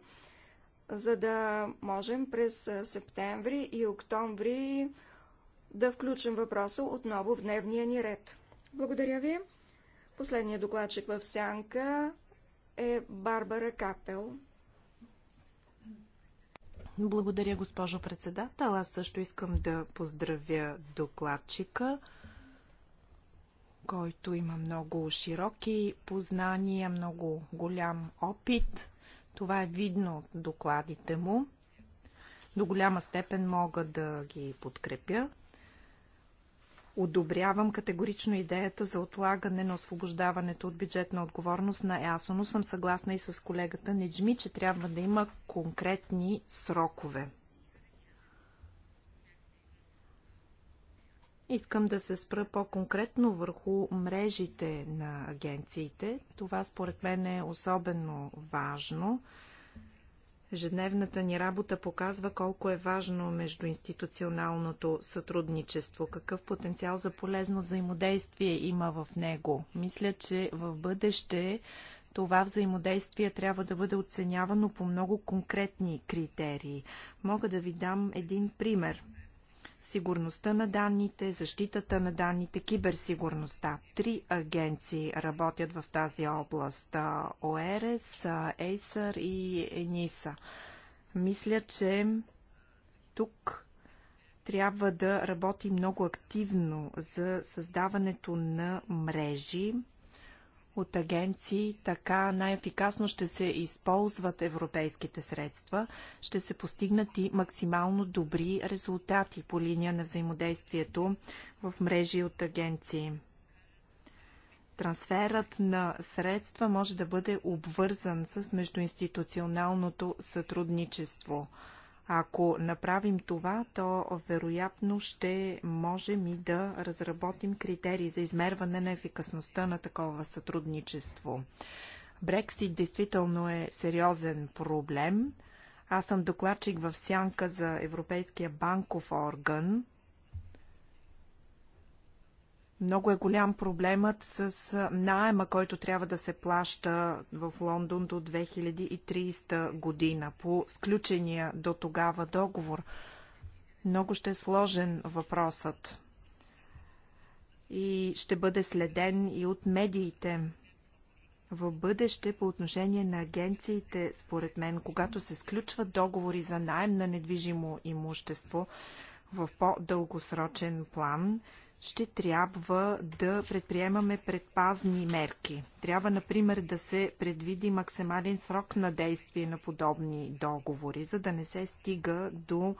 за да можем през септември и октомври да включим въпроса отново в дневния ни ред. Благодаря ви. Последният докладчик в сянка е Барбара Капел. Благодаря, госпожо председател. Аз също искам да поздравя докладчика който има много широки познания, много голям опит. Това е видно от докладите му. До голяма степен мога да ги подкрепя. Одобрявам категорично идеята за отлагане на освобождаването от бюджетна отговорност на ЕАСО, но съм съгласна и с колегата Неджми, че трябва да има конкретни срокове. Искам да се спра по-конкретно върху мрежите на агенциите. Това според мен е особено важно. Ежедневната ни работа показва колко е важно междуинституционалното сътрудничество, какъв потенциал за полезно взаимодействие има в него. Мисля, че в бъдеще това взаимодействие трябва да бъде оценявано по много конкретни критерии. Мога да ви дам един пример – сигурността на данните, защитата на данните, киберсигурността. Три агенции работят в тази област – ОЕРЕС, Acer и ЕНИСА. Мисля, че тук трябва да работи много активно за създаването на мрежи, от агенции, така най-ефикасно ще се използват европейските средства, ще се постигнат и максимално добри резултати по линия на взаимодействието в мрежи от агенции. Трансферът на средства може да бъде обвързан с междуинституционалното сътрудничество. Ако направим това, то вероятно ще можем и да разработим критерии за измерване на ефикасността на такова сътрудничество. Брексит действително е сериозен проблем. Аз съм докладчик в сянка за Европейския банков орган. Много е голям проблемът с найема, който трябва да се плаща в Лондон до 2030 година по сключения до тогава договор. Много ще е сложен въпросът и ще бъде следен и от медиите. В бъдеще по отношение на агенциите, според мен, когато се сключват договори за найем на недвижимо имущество в по-дългосрочен план, ще трябва да предприемаме предпазни мерки. Трябва, например, да се предвиди максимален срок на действие на подобни договори, за да не се стига до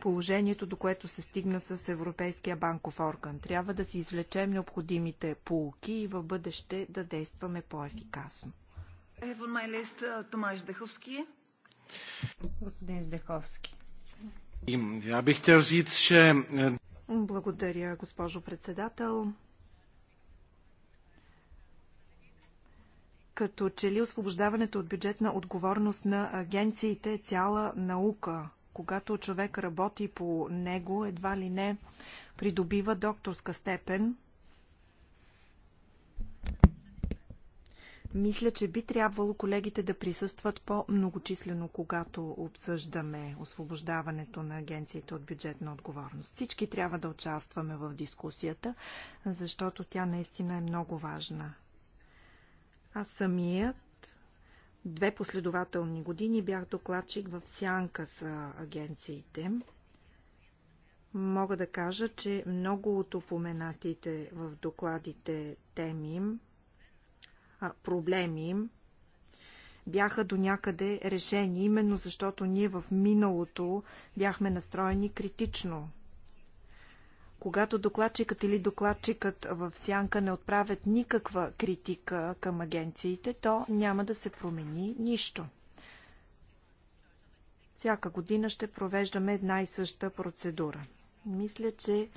положението, до което се стигна с Европейския банков орган. Трябва да си извлечем необходимите полуки и в бъдеще да действаме по-ефикасно. Uh, Господин Здеховски. Я бих chtěl říct, že благодаря, госпожо председател. Като че ли освобождаването от бюджетна отговорност на агенциите е цяла наука. Когато човек работи по него, едва ли не придобива докторска степен – Мисля, че би трябвало колегите да присъстват по-многочислено, когато обсъждаме освобождаването на агенциите от бюджетна отговорност. Всички трябва да участваме в дискусията, защото тя наистина е много важна. Аз самият две последователни години бях докладчик в сянка с агенциите. Мога да кажа, че много от упоменатите в докладите теми проблеми бяха до някъде решени, именно защото ние в миналото бяхме настроени критично. Когато докладчикът или докладчикът в сянка не отправят никаква критика към агенциите, то няма да се промени нищо. Всяка година ще провеждаме една и съща процедура. Мисля, че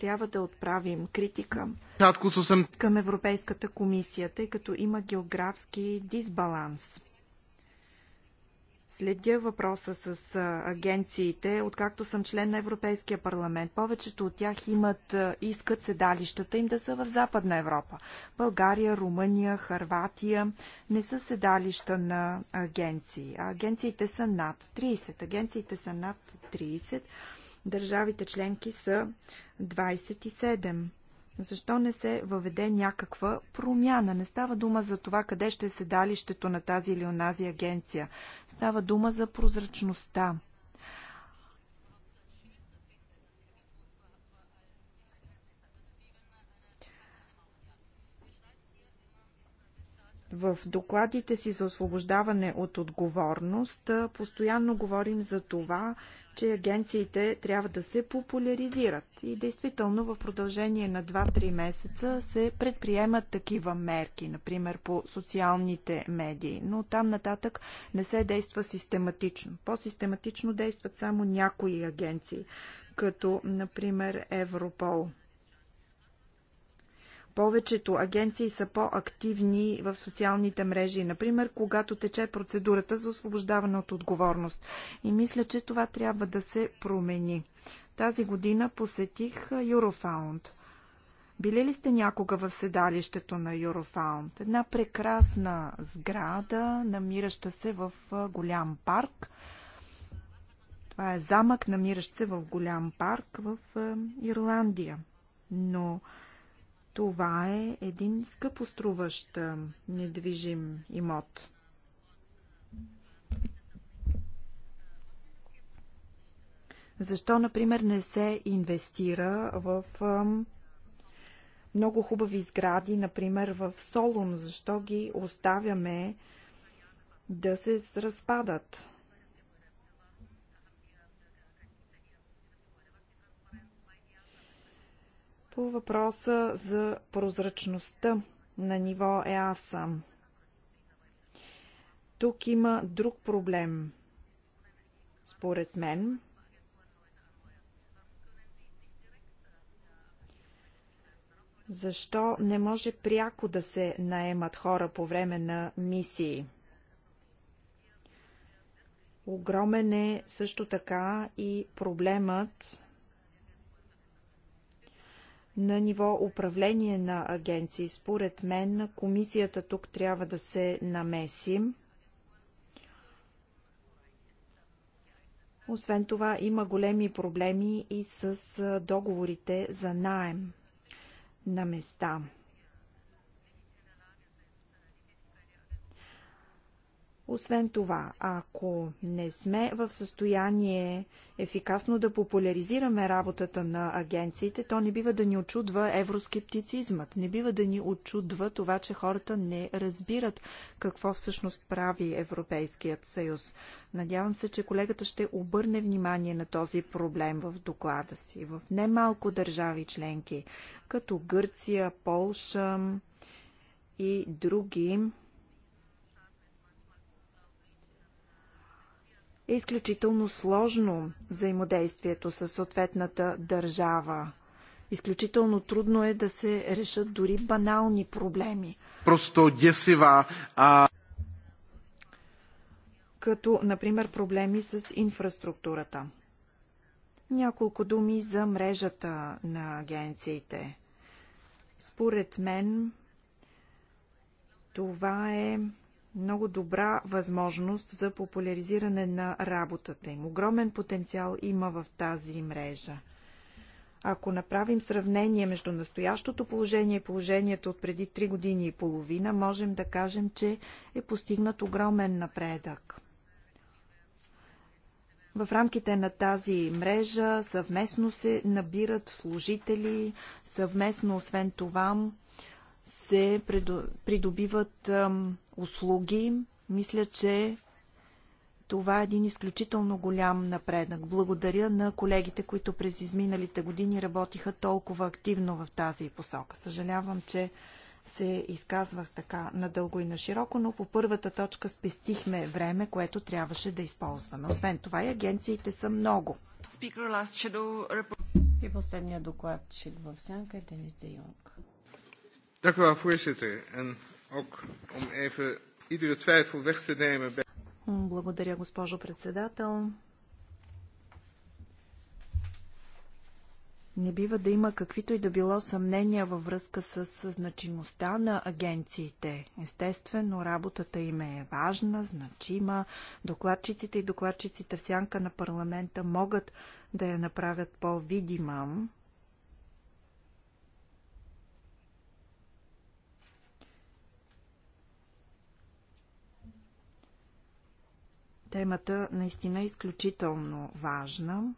трябва да отправим критика към Европейската комисия, тъй като има географски дисбаланс. Следя въпроса с агенциите, откакто съм член на Европейския парламент. Повечето от тях имат, искат седалищата им да са в Западна Европа. България, Румъния, Харватия не са седалища на агенции. агенциите са над 30. Агенциите са над 30 Държавите членки са 27. Защо не се въведе някаква промяна? Не става дума за това къде ще е седалището на тази или онази агенция. Става дума за прозрачността. В докладите си за освобождаване от отговорност постоянно говорим за това, че агенциите трябва да се популяризират. И действително в продължение на 2-3 месеца се предприемат такива мерки, например по социалните медии, но там нататък не се действа систематично. По-систематично действат само някои агенции, като например Европол – повечето агенции са по-активни в социалните мрежи, например, когато тече процедурата за освобождаване от отговорност. И мисля, че това трябва да се промени. Тази година посетих Eurofound. Били ли сте някога в седалището на Eurofound? Една прекрасна сграда, намираща се в голям парк. Това е замък, намиращ се в голям парк в Ирландия. Но това е един скъпоструващ недвижим имот. Защо, например, не се инвестира в много хубави сгради, например в Солун? Защо ги оставяме да се разпадат? По въпроса за прозрачността на ниво ЕАСА. Тук има друг проблем, според мен. Защо не може пряко да се наемат хора по време на мисии? Огромен е също така и проблемът на ниво управление на агенции. Според мен комисията тук трябва да се намеси. Освен това има големи проблеми и с договорите за найем на места. Освен това, ако не сме в състояние ефикасно да популяризираме работата на агенциите, то не бива да ни очудва евроскептицизмът. Не бива да ни очудва това, че хората не разбират какво всъщност прави Европейският съюз. Надявам се, че колегата ще обърне внимание на този проблем в доклада си. В немалко държави членки, като Гърция, Полша и други, е изключително сложно взаимодействието с съответната държава. Изключително трудно е да се решат дори банални проблеми. Просто десива. А... Като, например, проблеми с инфраструктурата. Няколко думи за мрежата на агенциите. Според мен това е много добра възможност за популяризиране на работата им. Огромен потенциал има в тази мрежа. Ако направим сравнение между настоящото положение и положението от преди 3 години и половина, можем да кажем, че е постигнат огромен напредък. В рамките на тази мрежа съвместно се набират служители, съвместно освен това се придобиват услуги. Мисля, че това е един изключително голям напредък. Благодаря на колегите, които през изминалите години работиха толкова активно в тази посока. Съжалявам, че се изказвах така надълго и на широко, но по първата точка спестихме време, което трябваше да използваме. Освен това и агенциите са много. И последният докладчик в сянка е Денис Дейон. Dank u wel, voorzitter. En ook om even iedere twijfel weg te nemen. Bij... Благодаря, госпожо председател. Не бива да има каквито и да било съмнения във връзка с значимостта на агенциите. Естествено, работата им е важна, значима. Докладчиците и докладчиците в сянка на парламента могат да я направят по-видима. Темата наистина е изключително важна.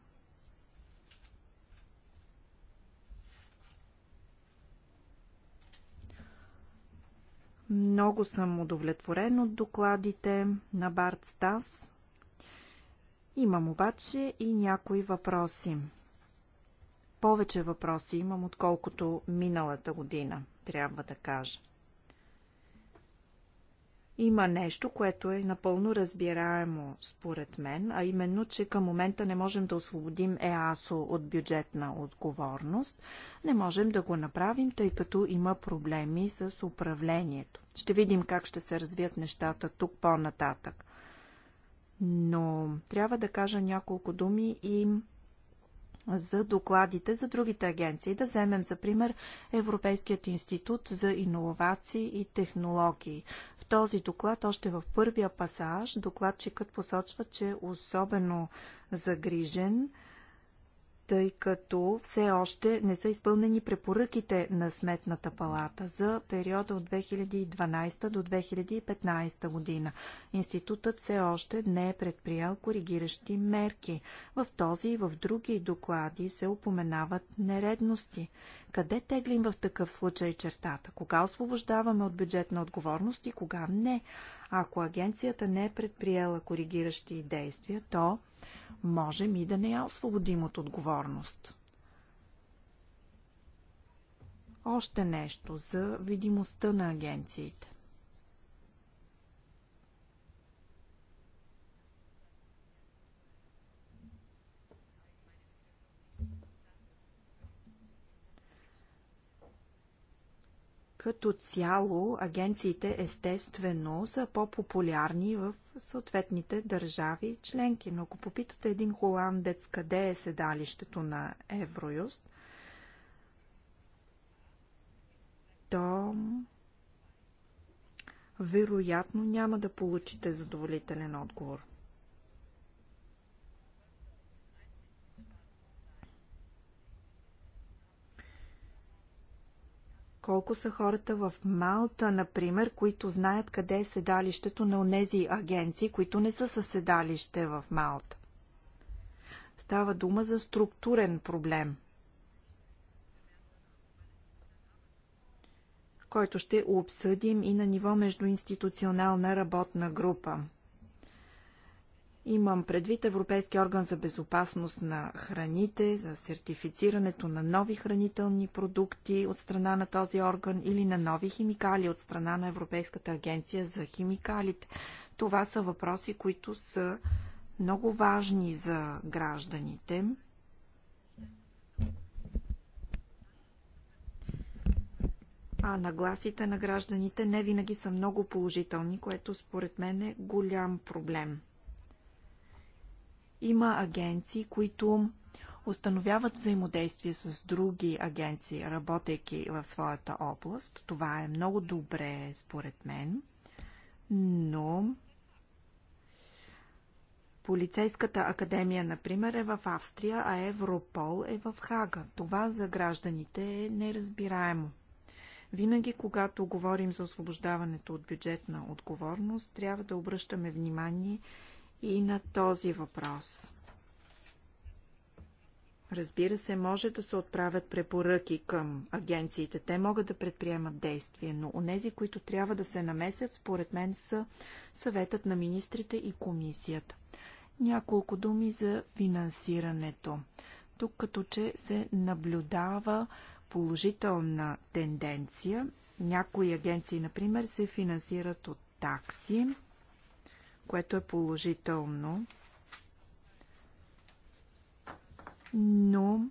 Много съм удовлетворен от докладите на Барт Стас. Имам обаче и някои въпроси. Повече въпроси имам, отколкото миналата година, трябва да кажа. Има нещо, което е напълно разбираемо според мен, а именно, че към момента не можем да освободим ЕАСО от бюджетна отговорност. Не можем да го направим, тъй като има проблеми с управлението. Ще видим как ще се развият нещата тук по-нататък. Но трябва да кажа няколко думи и за докладите за другите агенции. Да вземем за пример Европейският институт за иновации и технологии. В този доклад, още в първия пасаж, докладчикът посочва, че е особено загрижен – тъй като все още не са изпълнени препоръките на Сметната палата за периода от 2012 до 2015 година. Институтът все още не е предприял коригиращи мерки. В този и в други доклади се упоменават нередности. Къде теглим в такъв случай чертата? Кога освобождаваме от бюджетна отговорност и кога не? Ако агенцията не е предприела коригиращи действия, то можем и да не я освободим от отговорност. Още нещо за видимостта на агенциите. Като цяло, агенциите естествено са по-популярни в съответните държави членки. Но ако попитате един холандец къде е седалището на Евроюст, то вероятно няма да получите задоволителен отговор. Колко са хората в Малта, например, които знаят къде е седалището на онези агенции, които не са със седалище в Малта? Става дума за структурен проблем, който ще обсъдим и на ниво междуинституционална работна група. Имам предвид Европейски орган за безопасност на храните, за сертифицирането на нови хранителни продукти от страна на този орган или на нови химикали от страна на Европейската агенция за химикалите. Това са въпроси, които са много важни за гражданите. а нагласите на гражданите не винаги са много положителни, което според мен е голям проблем. Има агенции, които установяват взаимодействие с други агенции, работейки в своята област. Това е много добре, според мен, но Полицейската академия, например, е в Австрия, а Европол е в Хага. Това за гражданите е неразбираемо. Винаги, когато говорим за освобождаването от бюджетна отговорност, трябва да обръщаме внимание и на този въпрос. Разбира се, може да се отправят препоръки към агенциите. Те могат да предприемат действия, но онези, които трябва да се намесят, според мен са съветът на министрите и комисията. Няколко думи за финансирането. Тук като че се наблюдава положителна тенденция. Някои агенции, например, се финансират от такси което е положително. Но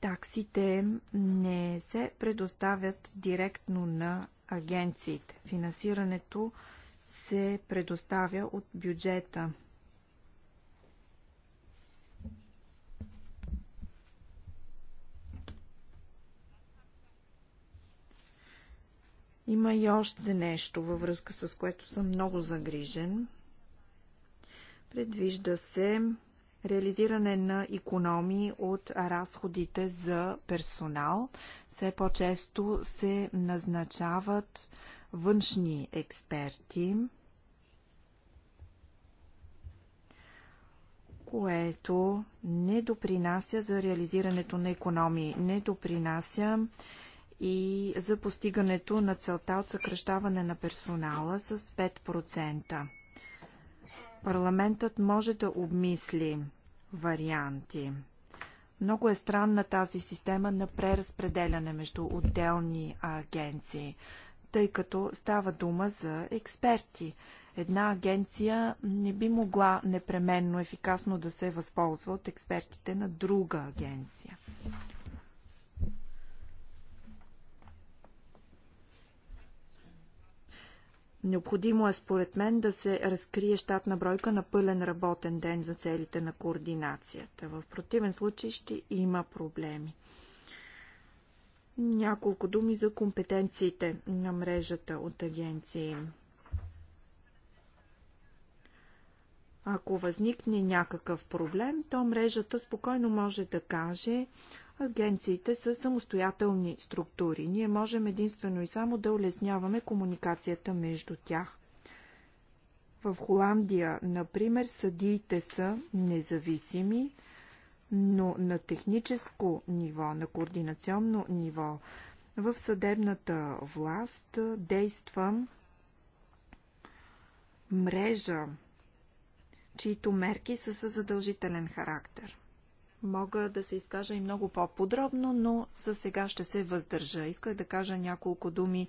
таксите не се предоставят директно на агенциите. Финансирането се предоставя от бюджета Има и още нещо във връзка с което съм много загрижен. Предвижда се реализиране на економии от разходите за персонал. Все по-често се назначават външни експерти, което не допринася за реализирането на економии, не допринася и за постигането на целта от съкръщаване на персонала с 5%. Парламентът може да обмисли варианти. Много е странна тази система на преразпределяне между отделни агенции, тъй като става дума за експерти. Една агенция не би могла непременно ефикасно да се възползва от експертите на друга агенция. Необходимо е според мен да се разкрие щатна бройка на пълен работен ден за целите на координацията. В противен случай ще има проблеми. Няколко думи за компетенциите на мрежата от агенции. Ако възникне някакъв проблем, то мрежата спокойно може да каже Агенциите са самостоятелни структури. Ние можем единствено и само да улесняваме комуникацията между тях. В Холандия, например, съдиите са независими, но на техническо ниво, на координационно ниво, в съдебната власт действа мрежа, чието мерки са със задължителен характер. Мога да се изкажа и много по-подробно, но за сега ще се въздържа. Исках да кажа няколко думи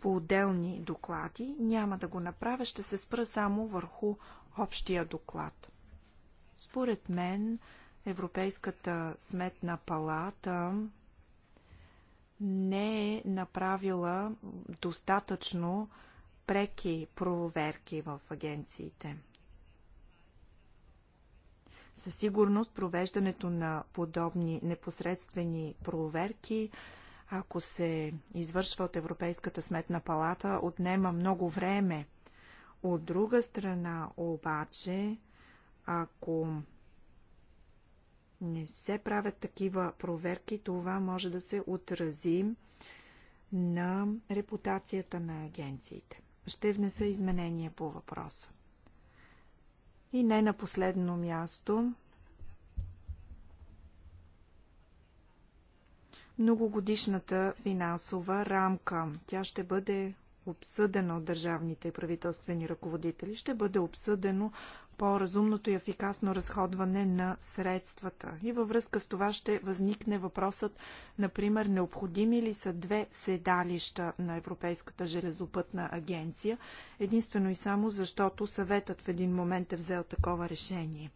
по отделни доклади. Няма да го направя, ще се спра само върху общия доклад. Според мен, Европейската сметна палата не е направила достатъчно преки проверки в агенциите. Със сигурност провеждането на подобни непосредствени проверки, ако се извършва от Европейската сметна палата, отнема много време. От друга страна обаче, ако не се правят такива проверки, това може да се отрази на репутацията на агенциите. Ще внеса изменения по въпроса. И не на последно място, многогодишната финансова рамка. Тя ще бъде обсъдена от държавните и правителствени ръководители. Ще бъде обсъдено по-разумното и ефикасно разходване на средствата. И във връзка с това ще възникне въпросът, например, необходими ли са две седалища на Европейската железопътна агенция, единствено и само защото съветът в един момент е взел такова решение.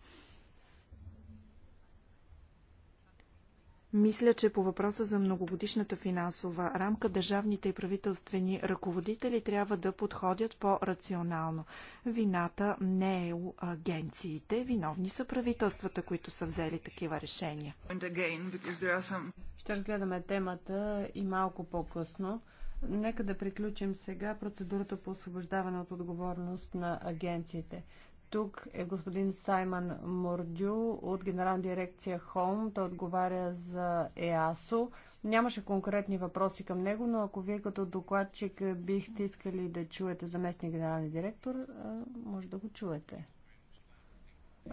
Мисля, че по въпроса за многогодишната финансова рамка държавните и правителствени ръководители трябва да подходят по-рационално. Вината не е у агенциите, виновни са правителствата, които са взели такива решения. Ще разгледаме темата и малко по-късно. Нека да приключим сега процедурата по освобождаване от отговорност на агенциите. Тук е господин Саймън Мордю от Генерална дирекция Холм. Той отговаря за ЕАСО. Нямаше конкретни въпроси към него, но ако вие като докладчик бихте искали да чуете заместник генерален директор, може да го чуете.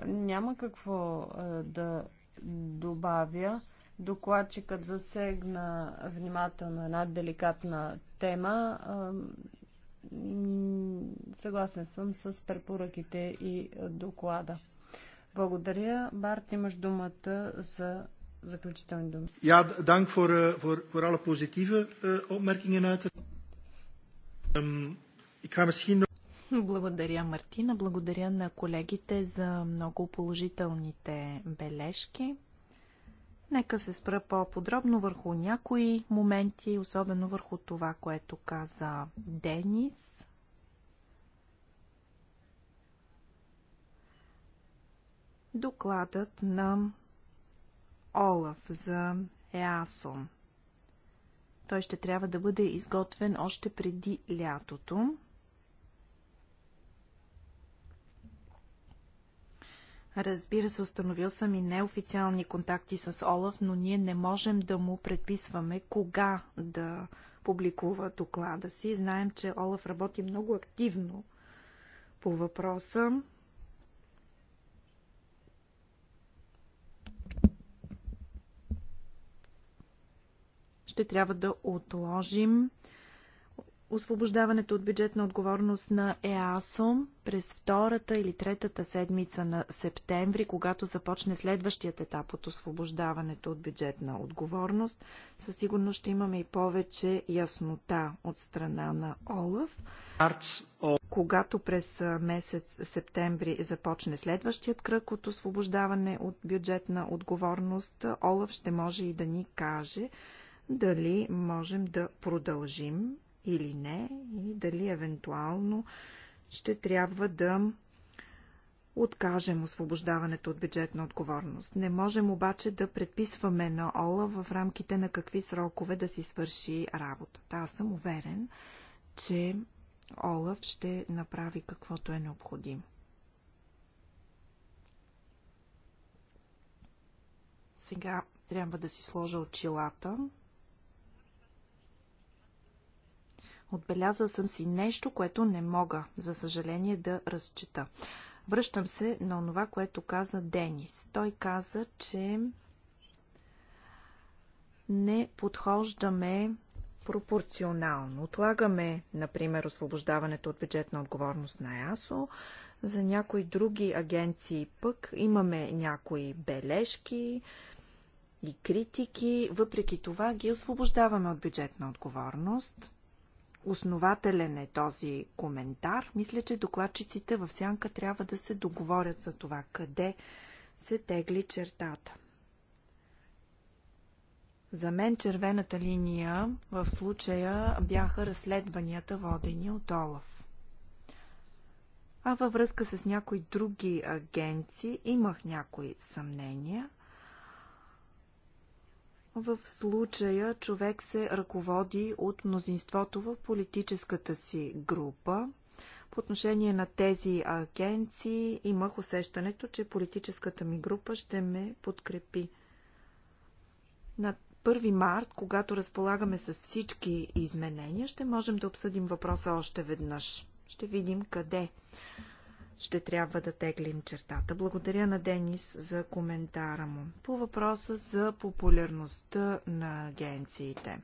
Няма какво да добавя. Докладчикът засегна внимателно една деликатна тема съгласен съм с препоръките и доклада. Благодаря. Барт, имаш думата за заключителни думи. Ja, dank voor, eh, voor, voor alle positieve eh, opmerkingen uit. Ehm, ik ga misschien... Благодаря, Мартина. Благодаря на колегите за много положителните бележки. Нека се спра по-подробно върху някои моменти, особено върху това, което каза Денис. Докладът на Олаф за ЕАСО. Той ще трябва да бъде изготвен още преди лятото. Разбира се, установил съм и неофициални контакти с Олаф, но ние не можем да му предписваме кога да публикува доклада си. Знаем, че Олаф работи много активно по въпроса. Ще трябва да отложим освобождаването от бюджетна отговорност на ЕАСОМ през втората или третата седмица на септември, когато започне следващият етап от освобождаването от бюджетна отговорност. Със сигурност ще имаме и повече яснота от страна на ОЛАФ. Когато през месец септември започне следващият кръг от освобождаване от бюджетна отговорност, ОЛАФ ще може и да ни каже дали можем да продължим или не и дали евентуално ще трябва да откажем освобождаването от бюджетна отговорност. Не можем обаче да предписваме на Ола в рамките на какви срокове да си свърши работата. Аз съм уверен, че Олаф ще направи каквото е необходимо. Сега трябва да си сложа очилата. Отбелязал съм си нещо, което не мога, за съжаление, да разчита. Връщам се на това, което каза Денис. Той каза, че не подхождаме пропорционално. Отлагаме, например, освобождаването от бюджетна отговорност на ЯСО. За някои други агенции пък имаме някои бележки и критики. Въпреки това ги освобождаваме от бюджетна отговорност. Основателен е този коментар. Мисля, че докладчиците в сянка трябва да се договорят за това къде се тегли чертата. За мен червената линия в случая бяха разследванията водени от Олаф. А във връзка с някои други агенции имах някои съмнения – в случая човек се ръководи от мнозинството в политическата си група. По отношение на тези агенции имах усещането, че политическата ми група ще ме подкрепи. На 1 март, когато разполагаме с всички изменения, ще можем да обсъдим въпроса още веднъж. Ще видим къде ще трябва да теглим чертата. Благодаря на Денис за коментара му. По въпроса за популярността на агенциите.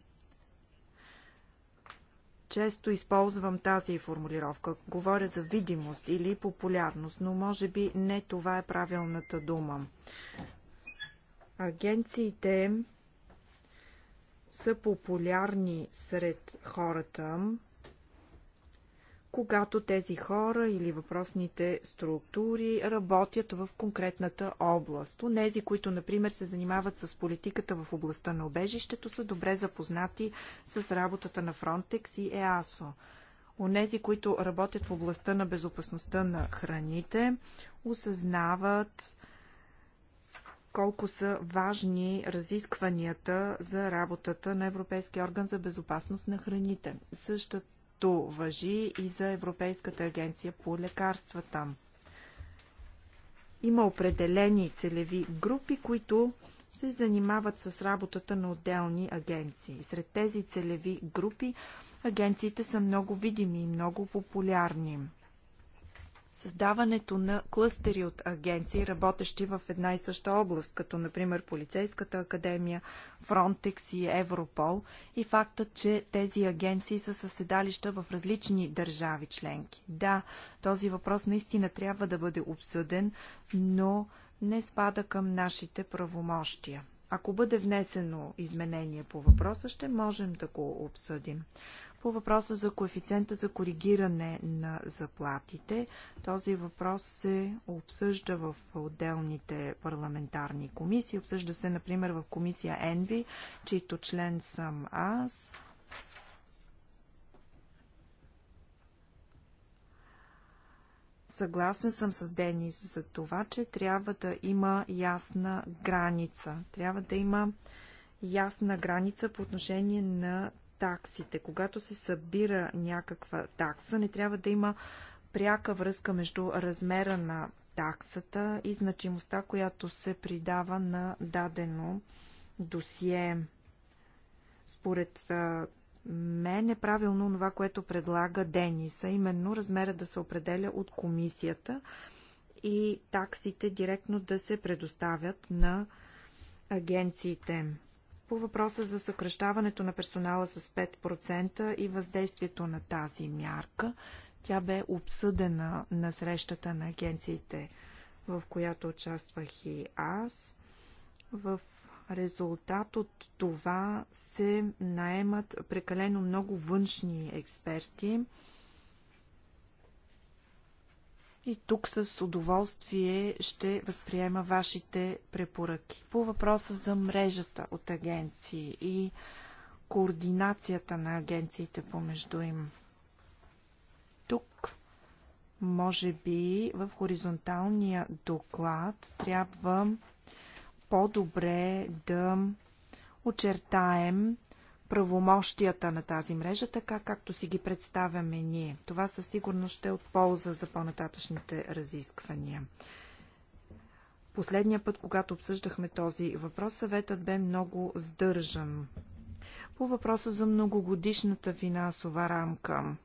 Често използвам тази формулировка. Говоря за видимост или популярност, но може би не това е правилната дума. Агенциите са популярни сред хората, когато тези хора или въпросните структури работят в конкретната област. Онези, които, например, се занимават с политиката в областта на обежището, са добре запознати с работата на Фронтекс и ЕАСО. Онези, които работят в областта на безопасността на храните, осъзнават колко са важни разискванията за работата на Европейския орган за безопасност на храните. Същата което въжи и за Европейската агенция по лекарствата. Има определени целеви групи, които се занимават с работата на отделни агенции. Сред тези целеви групи агенциите са много видими и много популярни. Създаването на клъстери от агенции, работещи в една и съща област, като например Полицейската академия, Фронтекс и Европол, и фактът, че тези агенции са със седалища в различни държави членки. Да, този въпрос наистина трябва да бъде обсъден, но не спада към нашите правомощия. Ако бъде внесено изменение по въпроса, ще можем да го обсъдим. По въпроса за коефициента за коригиране на заплатите, този въпрос се обсъжда в отделните парламентарни комисии. Обсъжда се, например, в комисия ЕНВИ, чийто член съм аз. съгласен съм с Денис за това, че трябва да има ясна граница. Трябва да има ясна граница по отношение на таксите. Когато се събира някаква такса, не трябва да има пряка връзка между размера на таксата и значимостта, която се придава на дадено досие. Според мен е правилно това, което предлага Дениса, именно размера да се определя от комисията и таксите директно да се предоставят на агенциите. По въпроса за съкръщаването на персонала с 5% и въздействието на тази мярка, тя бе обсъдена на срещата на агенциите, в която участвах и аз. В резултат от това се наемат прекалено много външни експерти, и тук с удоволствие ще възприема вашите препоръки. По въпроса за мрежата от агенции и координацията на агенциите помежду им. Тук, може би, в хоризонталния доклад трябва по-добре да очертаем правомощията на тази мрежа, така както си ги представяме ние. Това със сигурност ще е от полза за по-нататъчните разисквания. Последния път, когато обсъждахме този въпрос, съветът бе много сдържан. По въпроса за многогодишната финансова рамка.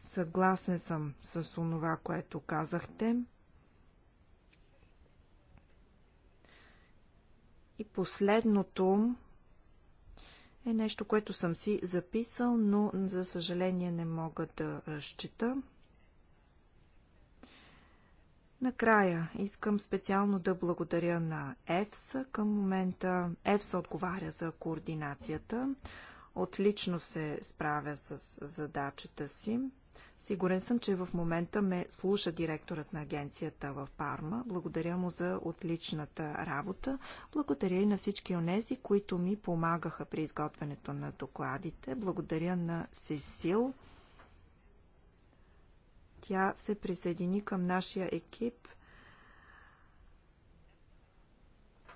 Съгласен съм с онова, което казахте. И последното е нещо, което съм си записал, но за съжаление не мога да разчита. Накрая искам специално да благодаря на ЕФС. Към момента ЕФС отговаря за координацията. Отлично се справя с задачата си. Сигурен съм, че в момента ме слуша директорът на агенцията в Парма. Благодаря му за отличната работа. Благодаря и на всички онези, които ми помагаха при изготвянето на докладите. Благодаря на Сесил. Тя се присъедини към нашия екип,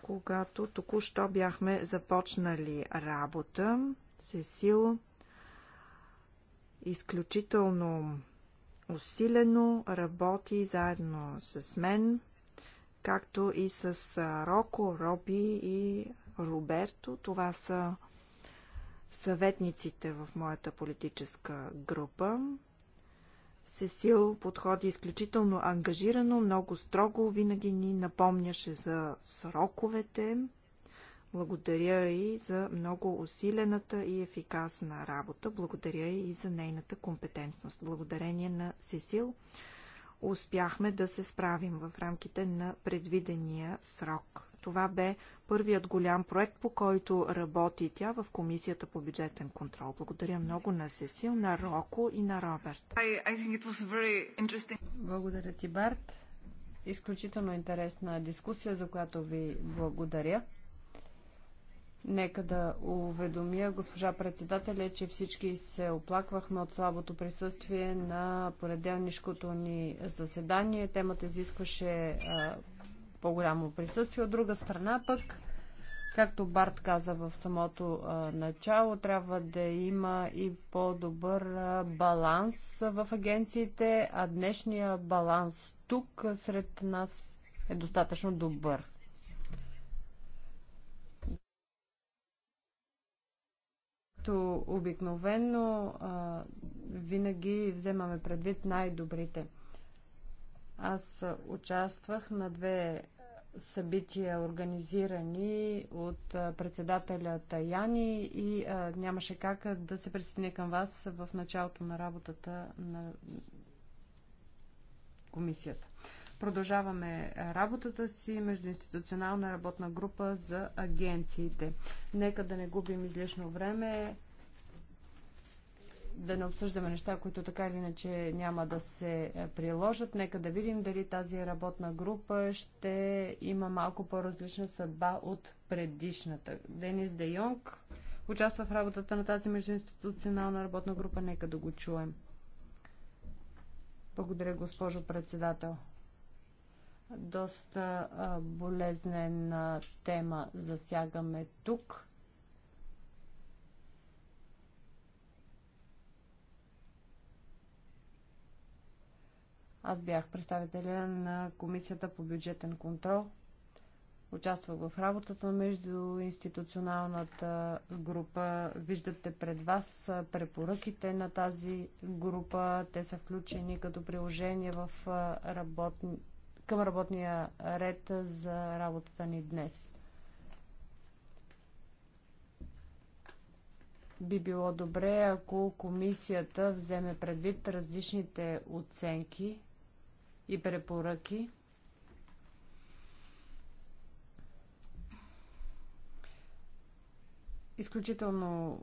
когато току-що бяхме започнали работа. Сесил изключително усилено работи заедно с мен, както и с Роко, Роби и Роберто. Това са съветниците в моята политическа група. Сесил подходи изключително ангажирано, много строго, винаги ни напомняше за сроковете. Благодаря и за много усилената и ефикасна работа. Благодаря и за нейната компетентност. Благодарение на Сесил успяхме да се справим в рамките на предвидения срок. Това бе първият голям проект, по който работи тя в Комисията по бюджетен контрол. Благодаря много на Сесил, на Роко и на Роберт. Благодаря ти, Барт. Изключително интересна дискусия, за която ви благодаря. Нека да уведомя госпожа председателя, че всички се оплаквахме от слабото присъствие на поределнишкото ни заседание. Темата изискваше по-голямо присъствие. От друга страна пък, както Барт каза в самото а, начало, трябва да има и по-добър баланс в агенциите, а днешния баланс тук сред нас е достатъчно добър. Като обикновено, винаги вземаме предвид най-добрите. Аз участвах на две събития, организирани от председателя Таяни и а, нямаше как да се присъединя към вас в началото на работата на комисията. Продължаваме работата си между институционална работна група за агенциите. Нека да не губим излишно време, да не обсъждаме неща, които така или иначе няма да се приложат. Нека да видим дали тази работна група ще има малко по-различна съдба от предишната. Денис Де Йонг участва в работата на тази междуинституционална работна група. Нека да го чуем. Благодаря, госпожо председател. Доста болезнена тема засягаме тук. Аз бях представителя на Комисията по бюджетен контрол. Участвах в работата на междуинституционалната група. Виждате пред вас препоръките на тази група. Те са включени като приложение в работни към работния ред за работата ни днес. Би било добре, ако комисията вземе предвид различните оценки и препоръки. Изключително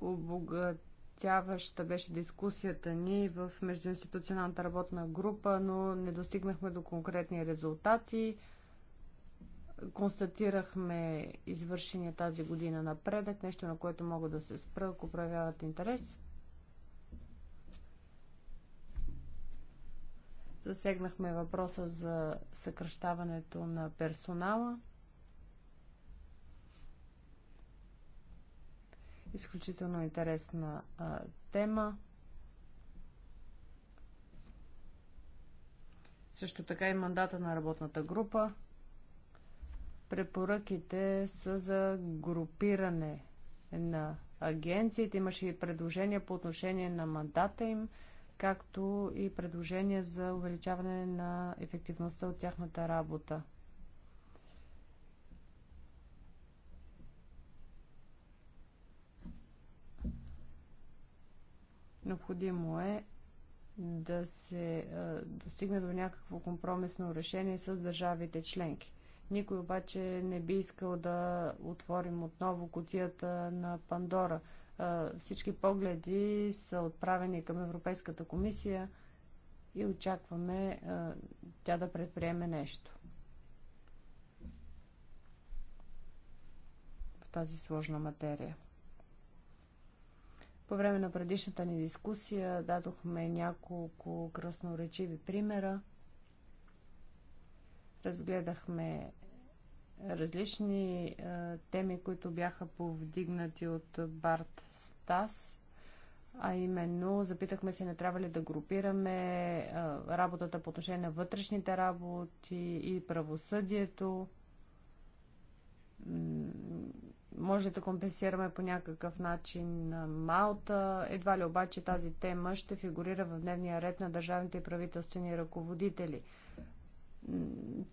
обогат впечатляваща беше дискусията ни в междуинституционалната работна група, но не достигнахме до конкретни резултати. Констатирахме извършения тази година напредък, нещо на което мога да се спра, ако проявяват интерес. Засегнахме въпроса за съкръщаването на персонала – Изключително интересна а, тема. Също така и мандата на работната група. Препоръките са за групиране на агенциите. Имаше и предложения по отношение на мандата им, както и предложения за увеличаване на ефективността от тяхната работа. Необходимо е да се достигне до някакво компромисно решение с държавите членки. Никой обаче не би искал да отворим отново котията на Пандора. Всички погледи са отправени към Европейската комисия и очакваме тя да предприеме нещо. В тази сложна материя. По време на предишната ни дискусия дадохме няколко красноречиви примера. Разгледахме различни е, теми, които бяха повдигнати от Барт Стас, а именно запитахме се не трябва ли да групираме е, работата по отношение на вътрешните работи и правосъдието може да компенсираме по някакъв начин Малта. Едва ли обаче тази тема ще фигурира в дневния ред на държавните и правителствени ръководители.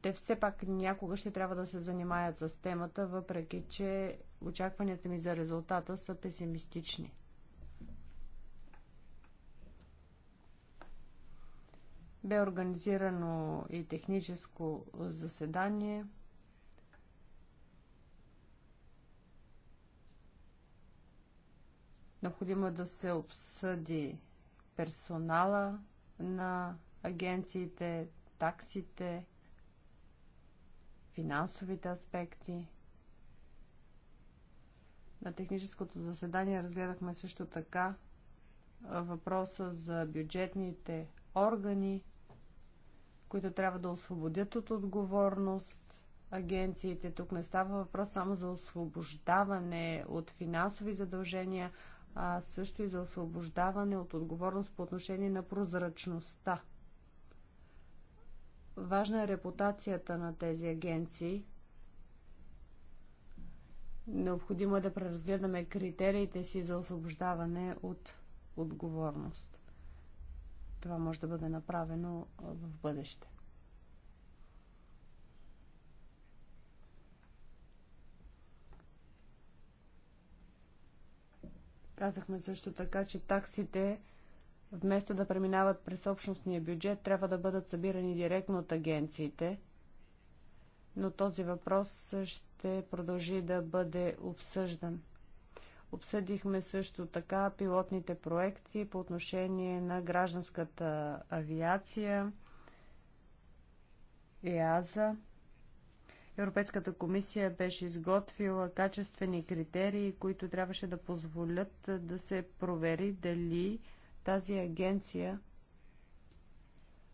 Те все пак някога ще трябва да се занимаят с темата, въпреки че очакванията ми за резултата са песимистични. Бе организирано и техническо заседание – Необходимо е да се обсъди персонала на агенциите, таксите, финансовите аспекти. На техническото заседание разгледахме също така въпроса за бюджетните органи, които трябва да освободят от отговорност агенциите. Тук не става въпрос само за освобождаване от финансови задължения, а също и за освобождаване от отговорност по отношение на прозрачността. Важна е репутацията на тези агенции. Необходимо е да преразгледаме критериите си за освобождаване от отговорност. Това може да бъде направено в бъдеще. Казахме също така, че таксите, вместо да преминават през общностния бюджет, трябва да бъдат събирани директно от агенциите. Но този въпрос ще продължи да бъде обсъждан. Обсъдихме също така пилотните проекти по отношение на гражданската авиация, ЕАЗа. Европейската комисия беше изготвила качествени критерии, които трябваше да позволят да се провери дали тази агенция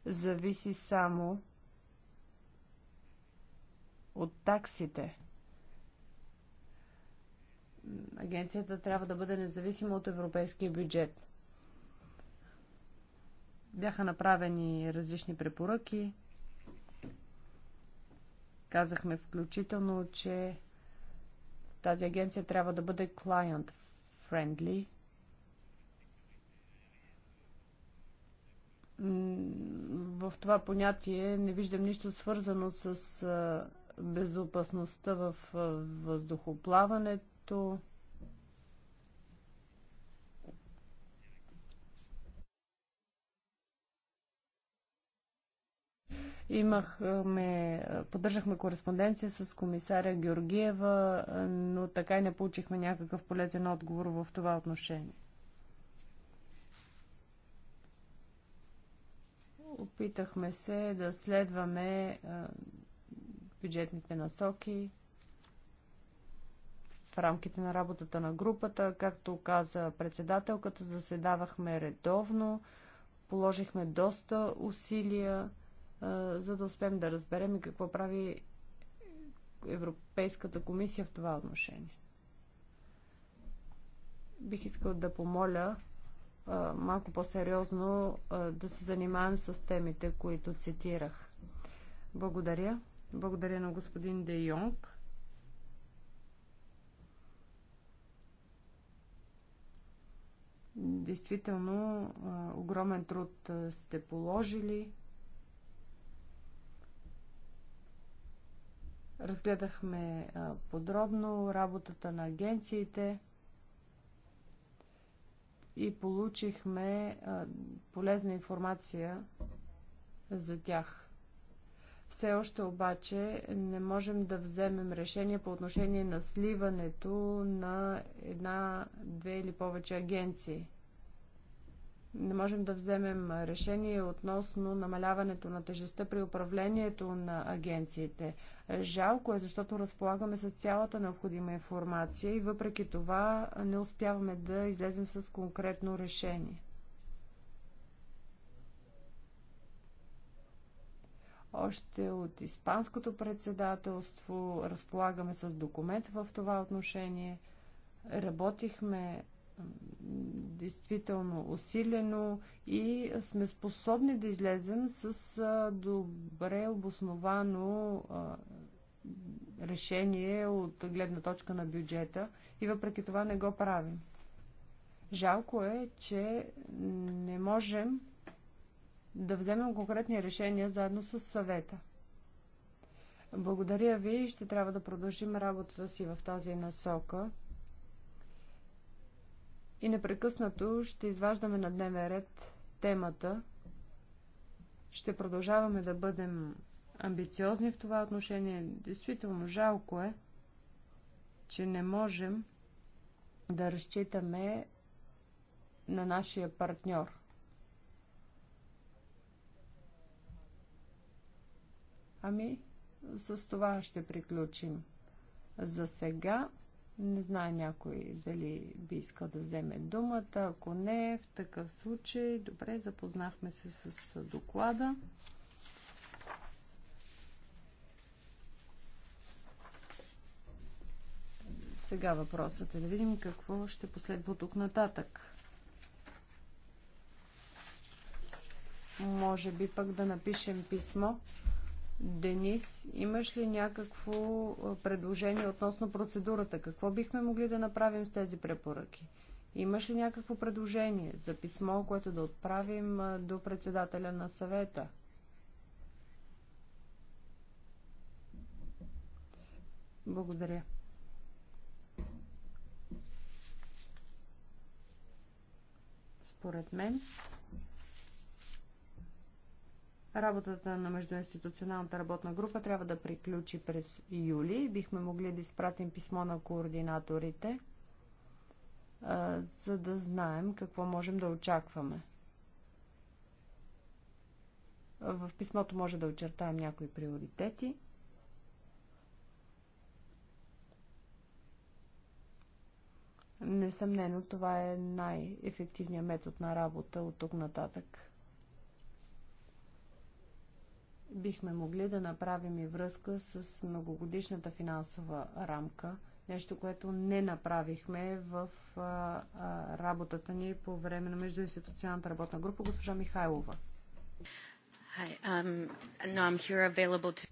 зависи само от таксите. Агенцията трябва да бъде независима от европейския бюджет. Бяха направени различни препоръки. Казахме включително, че тази агенция трябва да бъде client-friendly. В това понятие не виждам нищо свързано с безопасността в въздухоплаването. Имахме, поддържахме кореспонденция с комисаря Георгиева, но така и не получихме някакъв полезен отговор в това отношение. Опитахме се да следваме бюджетните насоки в рамките на работата на групата. Както каза председателката, заседавахме редовно, положихме доста усилия за да успеем да разберем и какво прави Европейската комисия в това отношение. Бих искал да помоля малко по-сериозно да се занимавам с темите, които цитирах. Благодаря. Благодаря на господин Де Йонг. Действително, огромен труд сте положили. Разгледахме подробно работата на агенциите и получихме полезна информация за тях. Все още обаче не можем да вземем решение по отношение на сливането на една, две или повече агенции не можем да вземем решение относно намаляването на тежестта при управлението на агенциите. Жалко е, защото разполагаме с цялата необходима информация и въпреки това не успяваме да излезем с конкретно решение. Още от Испанското председателство разполагаме с документ в това отношение. Работихме действително усилено и сме способни да излезем с добре обосновано решение от гледна точка на бюджета и въпреки това не го правим. Жалко е, че не можем да вземем конкретни решения заедно с съвета. Благодаря ви и ще трябва да продължим работата си в тази насока. И непрекъснато ще изваждаме на дневен ред темата. Ще продължаваме да бъдем амбициозни в това отношение. Действително жалко е, че не можем да разчитаме на нашия партньор. Ами, с това ще приключим за сега. Не знае някой дали би искал да вземе думата. Ако не, в такъв случай, добре, запознахме се с доклада. Сега въпросът е да видим какво ще последва тук нататък. Може би пък да напишем писмо Денис, имаш ли някакво предложение относно процедурата? Какво бихме могли да направим с тези препоръки? Имаш ли някакво предложение за писмо, което да отправим до председателя на съвета? Благодаря. Според мен, Работата на междуинституционалната работна група трябва да приключи през юли. Бихме могли да изпратим писмо на координаторите, за да знаем какво можем да очакваме. В писмото може да очертаем някои приоритети. Несъмнено, това е най-ефективният метод на работа от тук нататък бихме могли да направим и връзка с многогодишната финансова рамка, нещо, което не направихме в а, а, работата ни по време на междуинституционалната работна група, госпожа Михайлова. Hi, um, no, I'm here available to...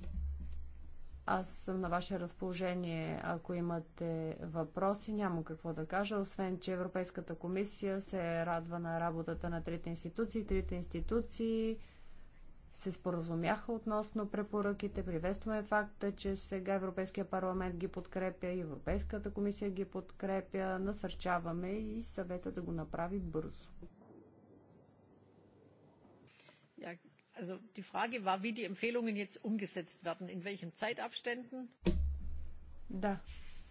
Аз съм на ваше разположение, ако имате въпроси. няма какво да кажа, освен, че Европейската комисия се радва на работата на трите институции. Трите институции се споразумяха относно препоръките. Приветстваме факта, че сега Европейския парламент ги подкрепя, Европейската комисия ги подкрепя. Насърчаваме и съвета да го направи бързо. Ja, also die Frage war, wie die Empfehlungen jetzt umgesetzt werden, in welchen Zeitabständen? Да.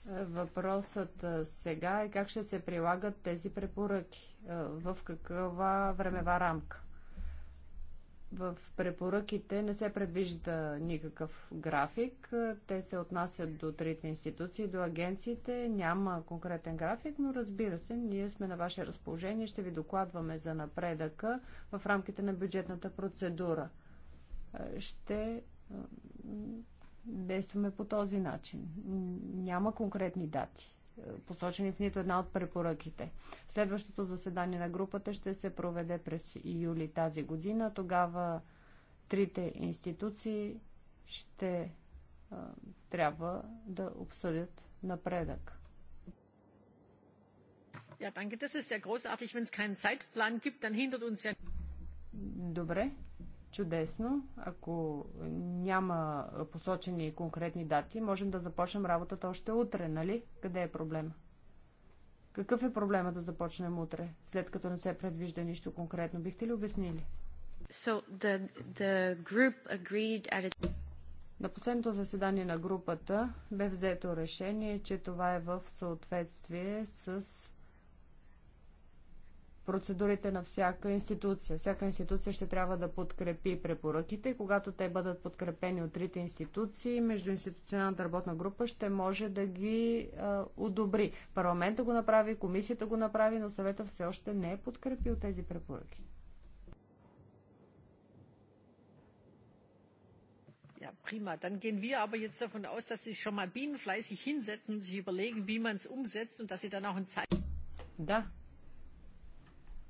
Въпросът сега е как ще се прилагат тези препоръки, в каква времева рамка. В препоръките не се предвижда никакъв график. Те се отнасят до трите институции, до агенциите. Няма конкретен график, но разбира се, ние сме на ваше разположение. Ще ви докладваме за напредъка в рамките на бюджетната процедура. Ще действаме по този начин. Няма конкретни дати посочени в нито една от препоръките. Следващото заседание на групата ще се проведе през юли тази година. Тогава трите институции ще а, трябва да обсъдят напредък. Ja, danke. Das ist ja großartig. Wenn es keinen Zeitplan gibt, dann hindert uns ja. Добре. Чудесно. Ако няма посочени конкретни дати, можем да започнем работата още утре, нали? Къде е проблема? Какъв е проблема да започнем утре, след като не се предвижда нищо конкретно? Бихте ли обяснили? So the, the group agreed at a... На последното заседание на групата бе взето решение, че това е в съответствие с процедурите на всяка институция. Всяка институция ще трябва да подкрепи препоръките и когато те бъдат подкрепени от трите институции, междуинституционалната работна група ще може да ги а, одобри. Парламента го направи, комисията го направи, но съвета все още не е подкрепил тези препоръки. Ja, prima. Dann gehen wir aber jetzt davon aus, dass Sie schon mal bienenfleißig hinsetzen und sich überlegen, wie man es umsetzt und dass Sie dann auch ein Zeichen. Да,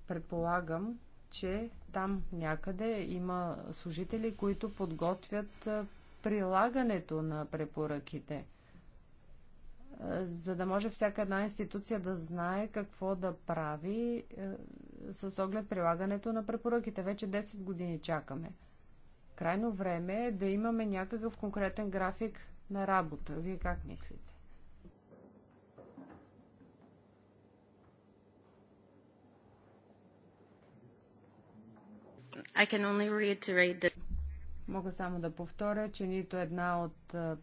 Предполагам, че там някъде има служители, които подготвят прилагането на препоръките, за да може всяка една институция да знае какво да прави с оглед прилагането на препоръките. Вече 10 години чакаме. Крайно време е да имаме някакъв конкретен график на работа. Вие как мислите? I can only reiterate that... Мога само да повторя, че нито една от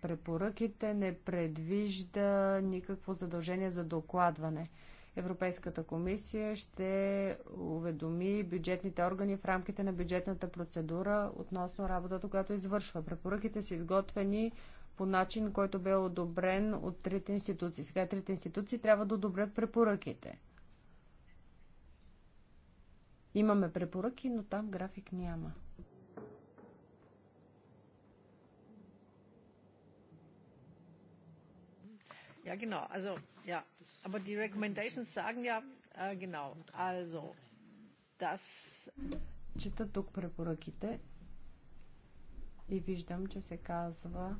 препоръките не предвижда никакво задължение за докладване. Европейската комисия ще уведоми бюджетните органи в рамките на бюджетната процедура относно работата, която извършва. Препоръките са изготвени по начин, който бе одобрен от трите институции. Сега трите институции трябва да одобрят препоръките. Имаме препоръки, но там график няма. Ja, genau. Also, ja. Aber die Recommendations sagen ja, äh, genau. Also, das. Чета тук препоръките и виждам, че се казва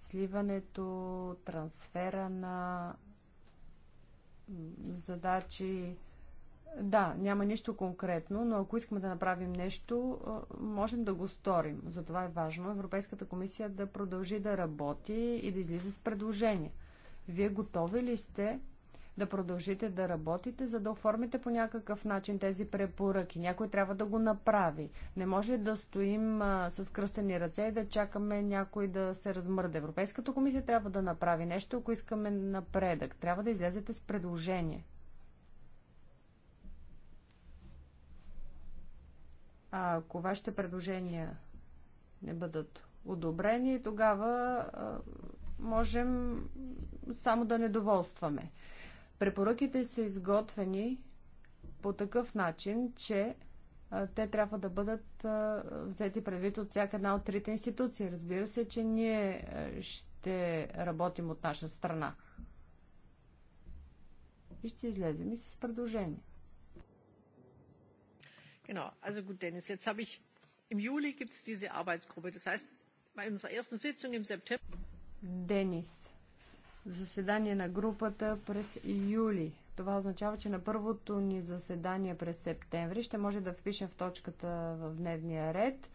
сливането, трансфера на задачи, да, няма нищо конкретно, но ако искаме да направим нещо, можем да го сторим. Затова е важно Европейската комисия да продължи да работи и да излиза с предложения. Вие готови ли сте да продължите да работите, за да оформите по някакъв начин тези препоръки. Някой трябва да го направи. Не може да стоим а, с кръстени ръце и да чакаме някой да се размърде. Европейската комисия трябва да направи нещо, ако искаме напредък. Трябва да излезете с предложение. А ако вашите предложения не бъдат одобрени, тогава можем само да недоволстваме. Препоръките са изготвени по такъв начин, че те трябва да бъдат взети предвид от всяка една от трите институции. Разбира се, че ние ще работим от наша страна. И ще излезем и с предложение. Genau, also gut, Dennis, jetzt habe ich, im Juli gibt es diese Arbeitsgruppe. Das heißt, bei unserer ersten Sitzung im September. Dennis, заседание на групата през юли. Това означава, че на първото ни заседание през септември ще може да впишем в точката в дневния ред.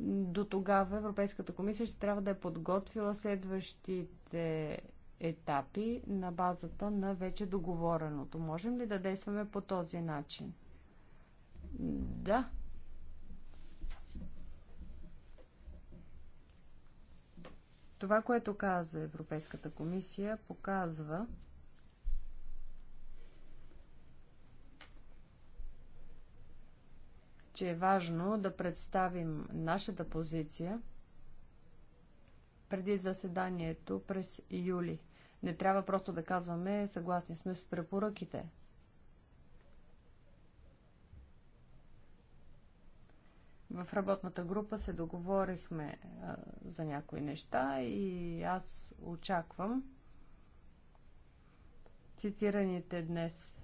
До тогава Европейската комисия ще трябва да е подготвила следващите етапи на базата на вече договореното. Можем ли да действаме по този начин? Да. Това, което каза Европейската комисия, показва, че е важно да представим нашата позиция преди заседанието през юли. Не трябва просто да казваме съгласни сме с препоръките. В работната група се договорихме а, за някои неща и аз очаквам цитираните днес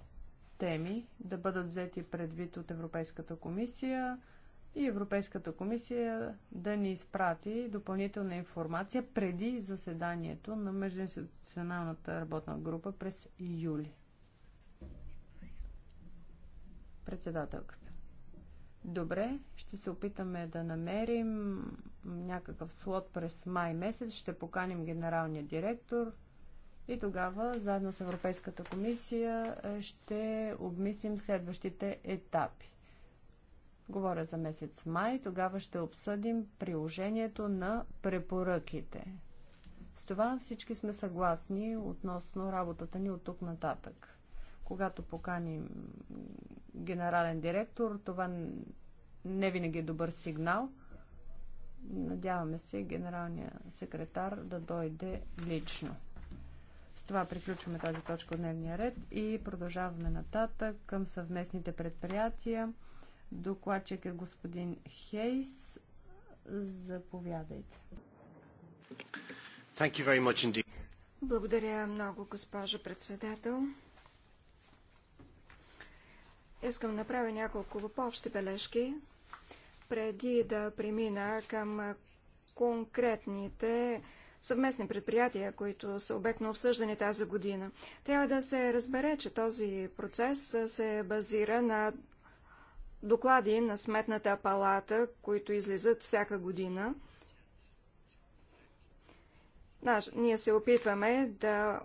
теми да бъдат взети предвид от Европейската комисия и Европейската комисия да ни изпрати допълнителна информация преди заседанието на Междуинституционалната работна група през юли. Председателката. Добре, ще се опитаме да намерим някакъв слот през май месец. Ще поканим генералния директор и тогава, заедно с Европейската комисия, ще обмислим следващите етапи. Говоря за месец май. Тогава ще обсъдим приложението на препоръките. С това всички сме съгласни относно работата ни от тук нататък когато поканим генерален директор, това не винаги е добър сигнал. Надяваме се генералния секретар да дойде лично. С това приключваме тази точка от дневния ред и продължаваме нататък към съвместните предприятия. Докладчик е господин Хейс. Заповядайте. Благодаря много, госпожо председател. Искам да направя няколко по-общи бележки, преди да премина към конкретните съвместни предприятия, които са обект на обсъждане тази година. Трябва да се разбере, че този процес се базира на доклади на Сметната палата, които излизат всяка година. Ние се опитваме да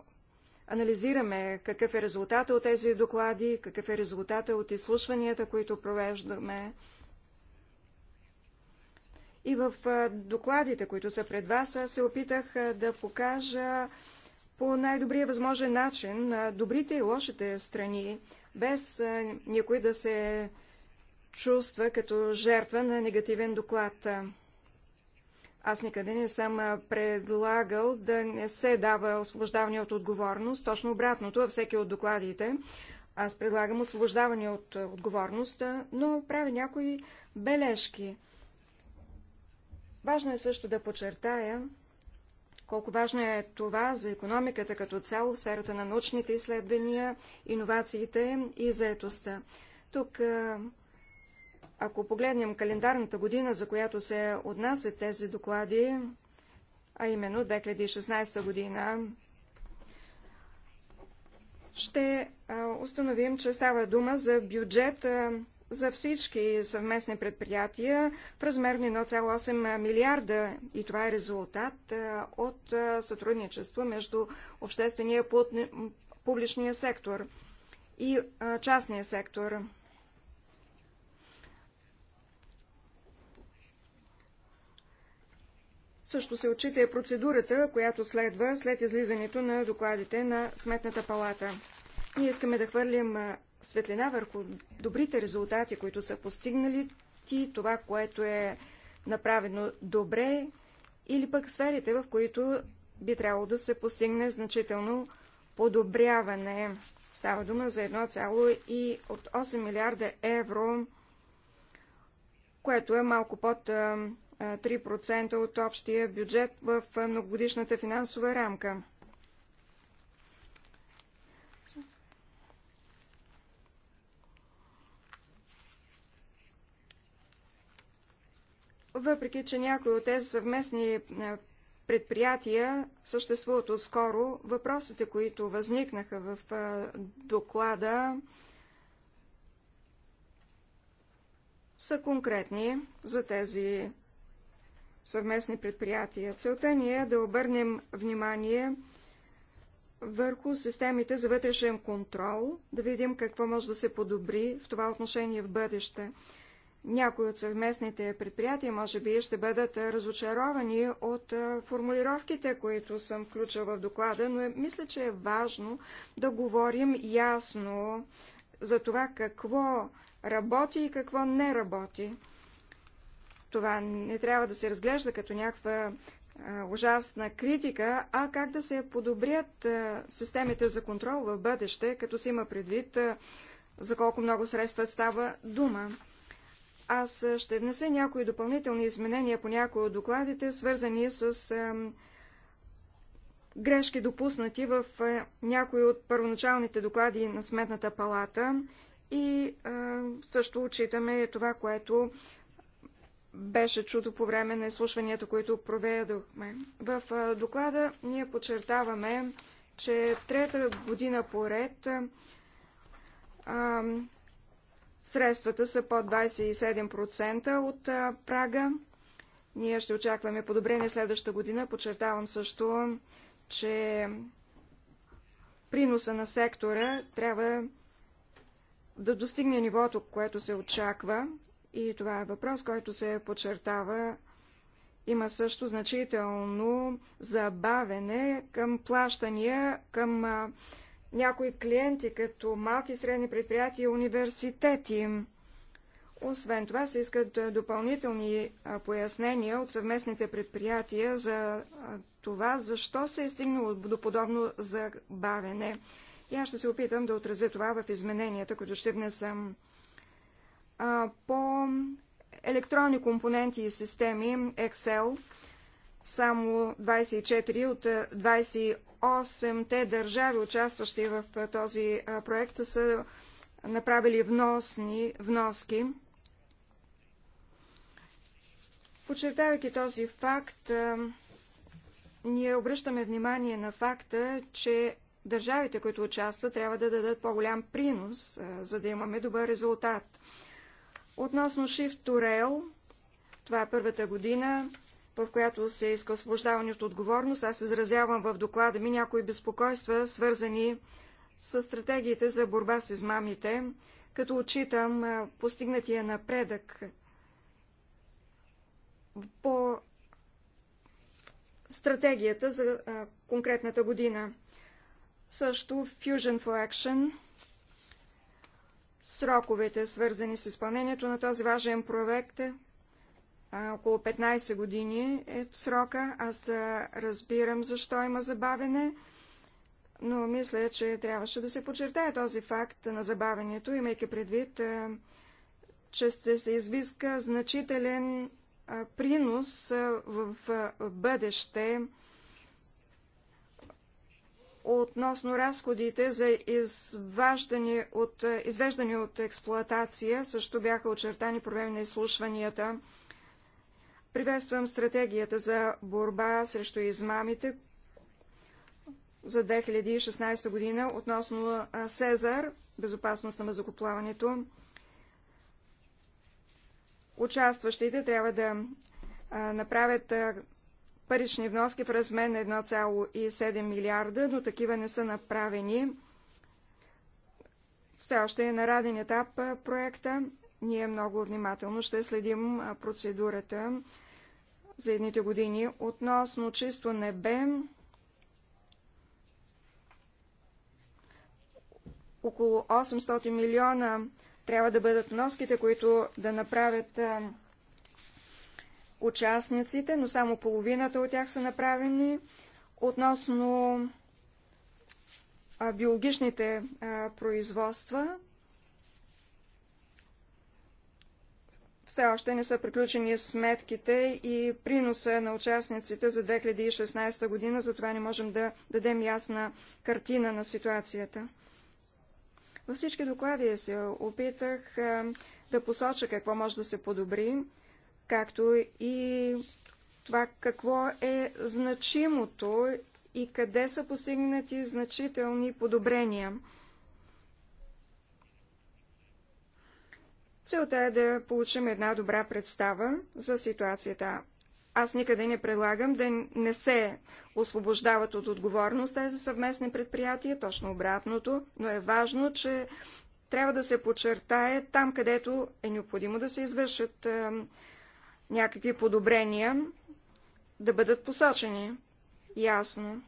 анализираме какъв е резултата от тези доклади, какъв е резултата от изслушванията, които провеждаме. И в докладите, които са пред вас, се опитах да покажа по най-добрия възможен начин добрите и лошите страни, без никой да се чувства като жертва на негативен доклад. Аз никъде не съм предлагал да не се дава освобождаване от отговорност. Точно обратното, във всеки от докладите аз предлагам освобождаване от отговорност, но правя някои бележки. Важно е също да подчертая колко важно е това за економиката като цяло в сферата на научните изследвания, иновациите и заетостта. Тук ако погледнем календарната година, за която се отнасят тези доклади, а именно 2016 година, ще установим, че става дума за бюджет за всички съвместни предприятия в размер на 1,8 милиарда и това е резултат от сътрудничество между обществения публичния сектор и частния сектор. Също се отчита и процедурата, която следва след излизането на докладите на Сметната палата. Ние искаме да хвърлим светлина върху добрите резултати, които са постигнали ти, това, което е направено добре, или пък сферите, в които би трябвало да се постигне значително подобряване. Става дума за 1,8 милиарда евро, което е малко под 3% от общия бюджет в многогодишната финансова рамка. Въпреки, че някои от тези съвместни предприятия съществуват отскоро, въпросите, които възникнаха в доклада, са конкретни за тези съвместни предприятия. Целта ни е да обърнем внимание върху системите за вътрешен контрол, да видим какво може да се подобри в това отношение в бъдеще. Някои от съвместните предприятия може би ще бъдат разочаровани от формулировките, които съм включил в доклада, но е, мисля, че е важно да говорим ясно за това какво работи и какво не работи. Това не трябва да се разглежда като някаква ужасна критика, а как да се подобрят системите за контрол в бъдеще, като се има предвид за колко много средства става дума. Аз ще внеса някои допълнителни изменения по някои от докладите, свързани с грешки допуснати в някои от първоначалните доклади на Сметната палата и също отчитаме това, което беше чуто по време на изслушванията, които проведохме. В доклада ние подчертаваме, че трета година поред а, средствата са под 27% от а, прага. Ние ще очакваме подобрение следващата година. Подчертавам също, че приноса на сектора трябва да достигне нивото, което се очаква и това е въпрос, който се подчертава. Има също значително забавене към плащания към някои клиенти, като малки и средни предприятия и университети. Освен това се искат допълнителни пояснения от съвместните предприятия за това, защо се е стигнало до подобно забавене. И аз ще се опитам да отразя това в измененията, които ще внесам по електронни компоненти и системи Excel. Само 24 от 28-те държави, участващи в този проект, са направили вносни, вноски. Подчертавайки този факт, ние обръщаме внимание на факта, че държавите, които участват, трябва да дадат по-голям принос, за да имаме добър резултат. Относно Shift to Rail, това е първата година, в която се иска освобождаване от отговорност. Аз изразявам в доклада ми някои безпокойства, свързани с стратегиите за борба с измамите, като отчитам постигнатия напредък по стратегията за конкретната година. Също Fusion for Action – сроковете, свързани с изпълнението на този важен проект. Около 15 години е срока. Аз разбирам защо има забавене, но мисля, че трябваше да се подчертае този факт на забавенето, имайки предвид, че ще се извиска значителен принос в бъдеще относно разходите за изваждане от, извеждане от експлоатация също бяха очертани по време на изслушванията. Приветствам стратегията за борба срещу измамите за 2016 година относно Сезар, безопасност на мазокоплаването. Участващите трябва да направят парични вноски в размер на 1,7 милиарда, но такива не са направени. Все още е на раден етап проекта. Ние много внимателно ще следим процедурата за едните години. Относно чисто небе, около 800 милиона трябва да бъдат вноските, които да направят участниците, но само половината от тях са направени. Относно биологичните производства, все още не са приключени сметките и приноса на участниците за 2016 година, затова не можем да дадем ясна картина на ситуацията. Във всички доклади се опитах да посоча какво може да се подобри както и това какво е значимото и къде са постигнати значителни подобрения. Целта е да получим една добра представа за ситуацията. Аз никъде не предлагам да не се освобождават от отговорност тези съвместни предприятия, точно обратното, но е важно, че трябва да се подчертае там, където е необходимо да се извършат някакви подобрения да бъдат посочени ясно.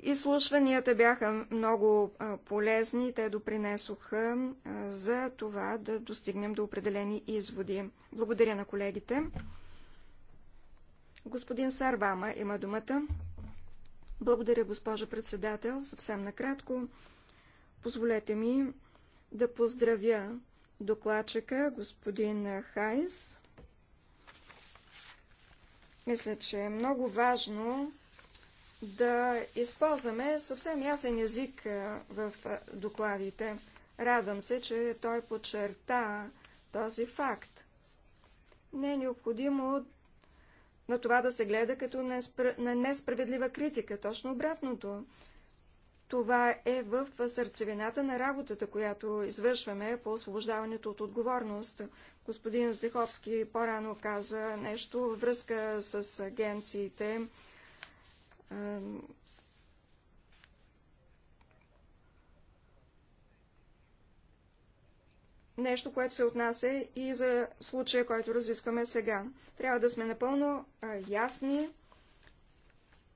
Изслушванията бяха много полезни, те допринесоха за това да достигнем до определени изводи. Благодаря на колегите. Господин Сарвама има думата. Благодаря, госпожа председател. Съвсем накратко, позволете ми да поздравя докладчика, господин Хайс. Мисля, че е много важно да използваме съвсем ясен език в докладите. Радвам се, че той подчерта този факт. Не е необходимо на това да се гледа като на несправедлива критика, точно обратното. Това е в сърцевината на работата, която извършваме по освобождаването от отговорност. Господин Здеховски по-рано каза нещо във връзка с агенциите. Нещо, което се отнася и за случая, който разискваме сега. Трябва да сме напълно ясни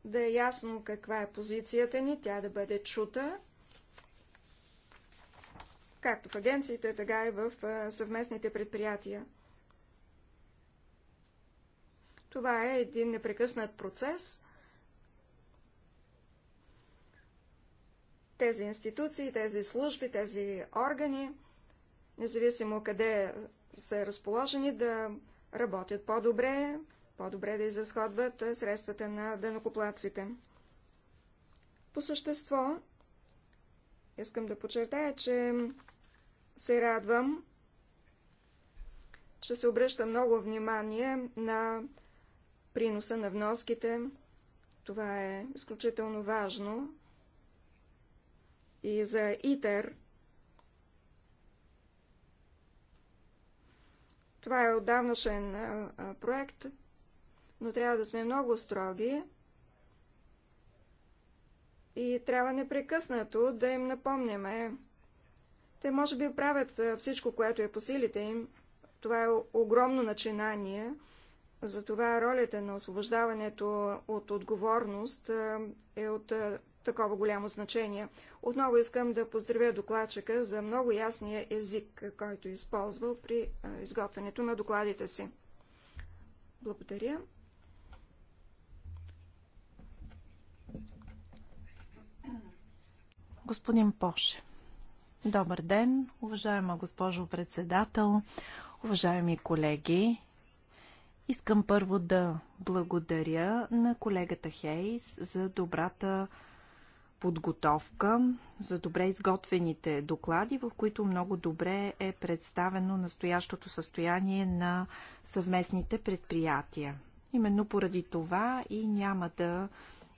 да е ясно каква е позицията ни, тя да бъде чута, както в агенциите, така и в съвместните предприятия. Това е един непрекъснат процес. Тези институции, тези служби, тези органи, независимо къде са разположени, да работят по-добре, по-добре да изразходват е, средствата на дънокоплаците. По същество, искам да подчертая, че се радвам, че се обръща много внимание на приноса на вноските. Това е изключително важно. И за ИТЕР. Това е отдавнашен проект, но трябва да сме много строги и трябва непрекъснато да им напомняме. Те може би правят всичко, което е по силите им. Това е огромно начинание. Затова ролята на освобождаването от отговорност е от такова голямо значение. Отново искам да поздравя докладчика за много ясния език, който е използвал при изготвянето на докладите си. Благодаря. Господин Поше. Добър ден, уважаема госпожо председател, уважаеми колеги. Искам първо да благодаря на колегата Хейс за добрата подготовка, за добре изготвените доклади, в които много добре е представено настоящото състояние на съвместните предприятия. Именно поради това и няма да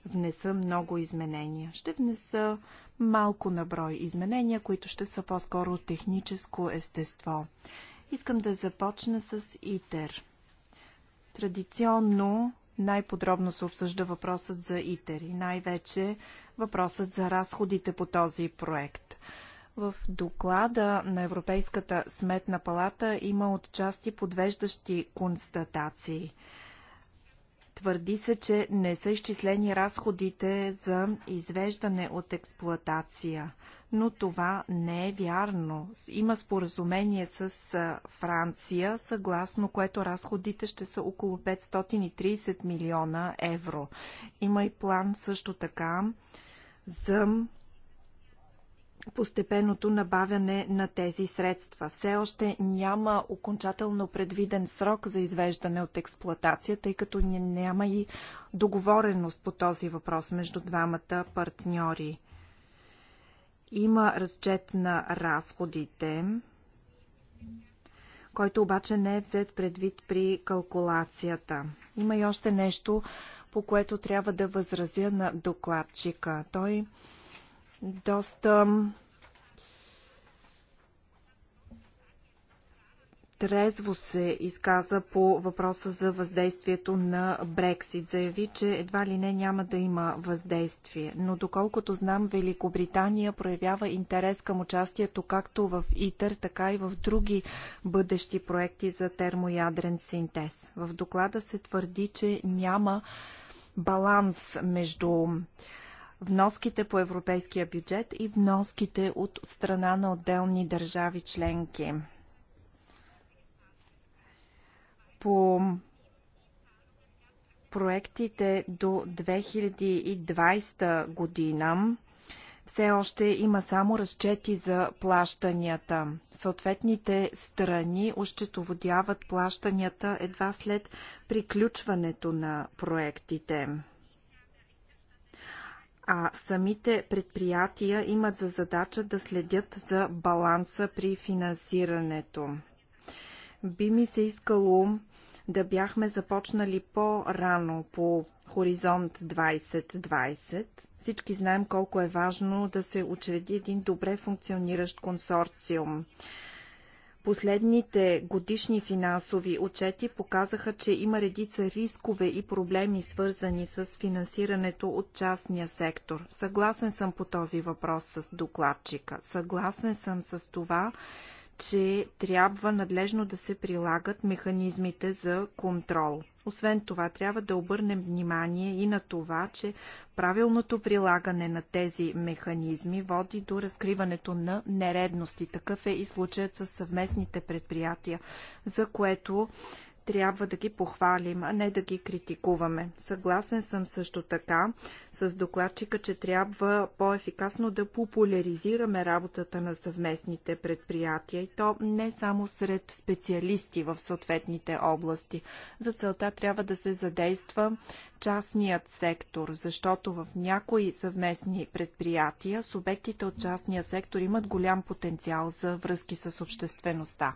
внеса много изменения. Ще внеса малко наброй изменения, които ще са по-скоро техническо естество. Искам да започна с ИТЕР. Традиционно най-подробно се обсъжда въпросът за ИТЕР и най-вече въпросът за разходите по този проект. В доклада на Европейската сметна палата има отчасти подвеждащи констатации – Твърди се, че не са изчислени разходите за извеждане от експлоатация, но това не е вярно. Има споразумение с Франция, съгласно което разходите ще са около 530 милиона евро. Има и план също така за постепенното набавяне на тези средства. Все още няма окончателно предвиден срок за извеждане от експлоатация, тъй като няма и договореност по този въпрос между двамата партньори. Има разчет на разходите, който обаче не е взет предвид при калкулацията. Има и още нещо, по което трябва да възразя на докладчика. Той доста трезво се изказа по въпроса за въздействието на Брексит. Заяви, че едва ли не няма да има въздействие. Но доколкото знам, Великобритания проявява интерес към участието както в ИТЕР, така и в други бъдещи проекти за термоядрен синтез. В доклада се твърди, че няма баланс между вноските по европейския бюджет и вноските от страна на отделни държави членки. По проектите до 2020 година все още има само разчети за плащанията. Съответните страни ощетоводяват плащанията едва след приключването на проектите а самите предприятия имат за задача да следят за баланса при финансирането. Би ми се искало да бяхме започнали по-рано по Хоризонт 2020. Всички знаем колко е важно да се учреди един добре функциониращ консорциум. Последните годишни финансови отчети показаха, че има редица рискове и проблеми, свързани с финансирането от частния сектор. Съгласен съм по този въпрос с докладчика. Съгласен съм с това, че трябва надлежно да се прилагат механизмите за контрол. Освен това, трябва да обърнем внимание и на това, че правилното прилагане на тези механизми води до разкриването на нередности. Такъв е и случаят с съвместните предприятия, за което трябва да ги похвалим, а не да ги критикуваме. Съгласен съм също така с докладчика, че трябва по-ефикасно да популяризираме работата на съвместните предприятия и то не само сред специалисти в съответните области. За целта трябва да се задейства частният сектор, защото в някои съвместни предприятия субектите от частния сектор имат голям потенциал за връзки с обществеността.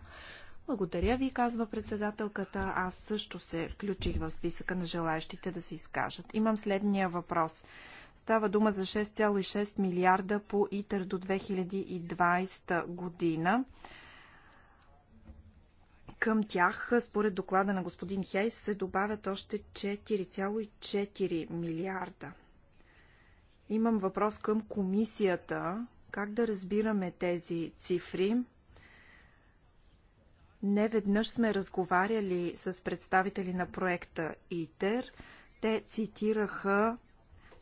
Благодаря ви, казва председателката. Аз също се включих в списъка на желаящите да се изкажат. Имам следния въпрос. Става дума за 6,6 милиарда по ИТЕР до 2020 година. Към тях, според доклада на господин Хейс, се добавят още 4,4 милиарда. Имам въпрос към комисията. Как да разбираме тези цифри? Не веднъж сме разговаряли с представители на проекта ИТЕР. Те цитираха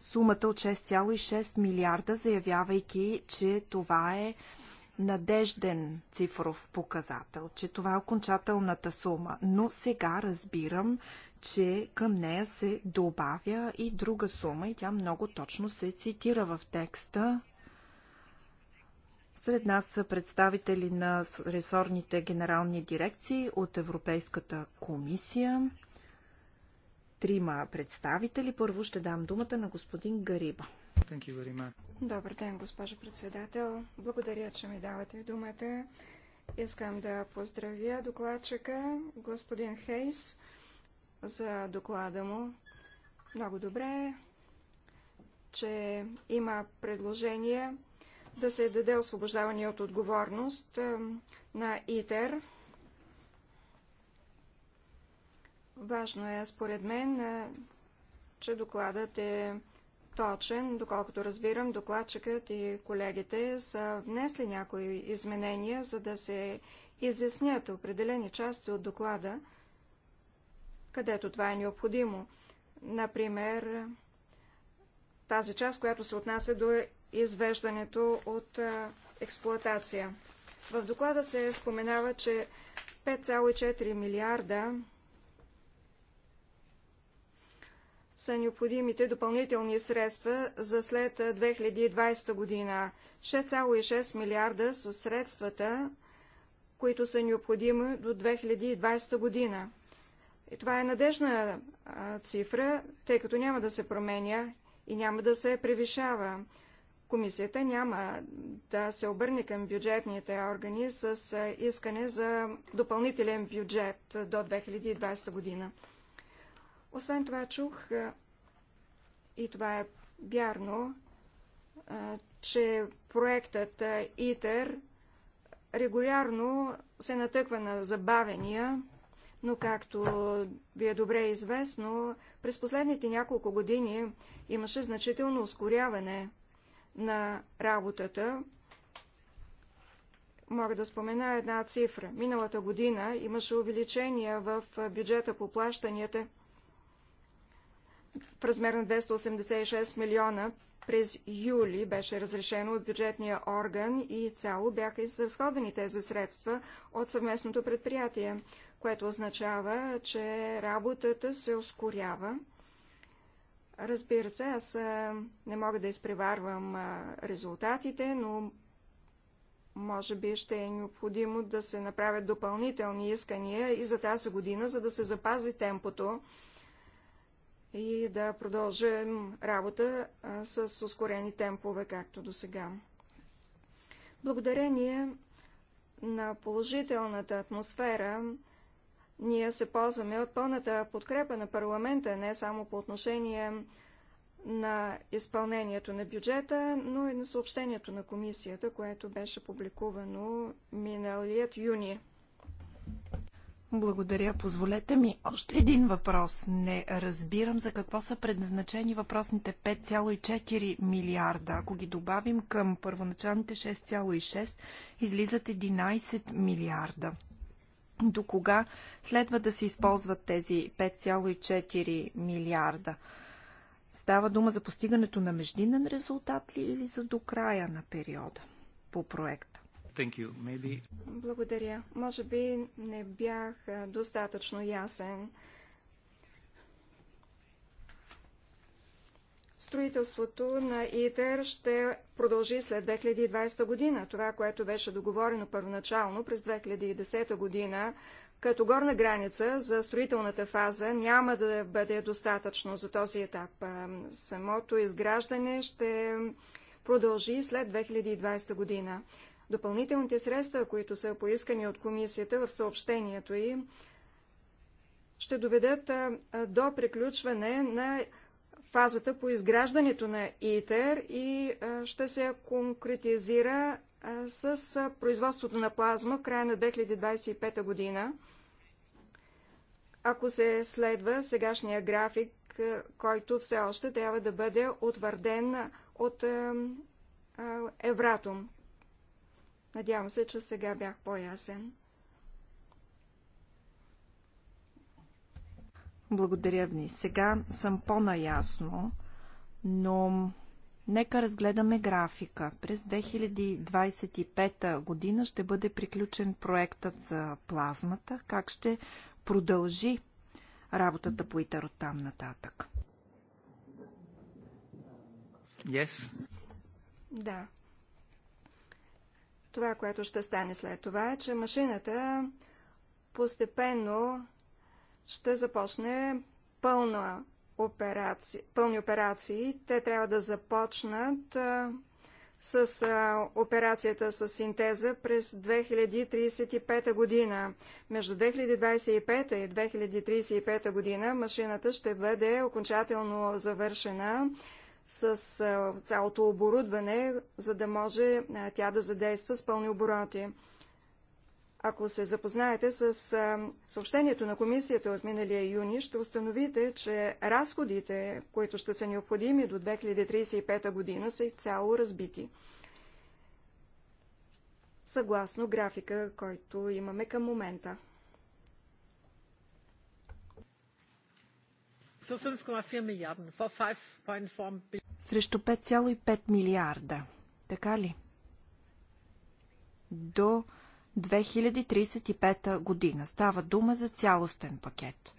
сумата от 6,6 милиарда, заявявайки, че това е надежден цифров показател, че това е окончателната сума. Но сега разбирам, че към нея се добавя и друга сума и тя много точно се цитира в текста. Сред нас са представители на ресорните генерални дирекции от Европейската комисия. Трима представители. Първо ще дам думата на господин Гариба. Добър ден, госпожо председател. Благодаря, че ми давате думата. Искам да поздравя докладчика, господин Хейс, за доклада му. Много добре, че има предложение да се даде освобождаване от отговорност е, на ИТЕР. Важно е, според мен, е, че докладът е точен. Доколкото разбирам, докладчикът и колегите са внесли някои изменения, за да се изяснят определени части от доклада, където това е необходимо. Например, тази част, която се отнася до извеждането от експлоатация. В доклада се споменава, че 5,4 милиарда са необходимите допълнителни средства за след 2020 година. 6,6 милиарда са средствата, които са необходими до 2020 година. И това е надежна цифра, тъй като няма да се променя и няма да се превишава. Комисията няма да се обърне към бюджетните органи с искане за допълнителен бюджет до 2020 година. Освен това чух, и това е вярно, че проектът ИТЕР регулярно се натъква на забавения, но както ви е добре известно, през последните няколко години имаше значително ускоряване на работата. Мога да спомена една цифра. Миналата година имаше увеличение в бюджета по плащанията в размер на 286 милиона. През юли беше разрешено от бюджетния орган и цяло бяха изразходвани тези средства от съвместното предприятие, което означава, че работата се ускорява. Разбира се, аз не мога да изпреварвам резултатите, но може би ще е необходимо да се направят допълнителни искания и за тази година, за да се запази темпото и да продължим работа с ускорени темпове, както до сега. Благодарение на положителната атмосфера ние се ползваме от пълната подкрепа на парламента, не само по отношение на изпълнението на бюджета, но и на съобщението на комисията, което беше публикувано миналият юни. Благодаря. Позволете ми още един въпрос. Не разбирам за какво са предназначени въпросните 5,4 милиарда. Ако ги добавим към първоначалните 6,6, излизат 11 милиарда до кога следва да се използват тези 5,4 милиарда. Става дума за постигането на междинен резултат ли или за до края на периода по проекта? Maybe... Благодаря. Може би не бях достатъчно ясен. Строителството на ИТЕР ще продължи след 2020 година. Това, което беше договорено първоначално през 2010 година, като горна граница за строителната фаза няма да бъде достатъчно за този етап. Самото изграждане ще продължи след 2020 година. Допълнителните средства, които са поискани от комисията в съобщението и ще доведат до приключване на фазата по изграждането на ИТЕР и ще се конкретизира с производството на плазма в края на 2025 година. Ако се следва сегашния график, който все още трябва да бъде утвърден от Евратом. Надявам се, че сега бях по-ясен. Благодаря ви. Сега съм по-наясно, но нека разгледаме графика. През 2025 година ще бъде приключен проектът за плазмата. Как ще продължи работата по ИТАР от там нататък? Yes. Да. Това, което ще стане след това е, че машината постепенно ще започне пълна операция, пълни операции. Те трябва да започнат а, с а, операцията с синтеза през 2035 година. Между 2025 и 2035 година машината ще бъде окончателно завършена с а, цялото оборудване, за да може а, тя да задейства с пълни обороти. Ако се запознаете с съобщението на комисията от миналия юни, ще установите, че разходите, които ще са необходими до 2035 година, са изцяло разбити. Съгласно графика, който имаме към момента. Срещу 5,5 милиарда. Така ли? До 2035 година. Става дума за цялостен пакет.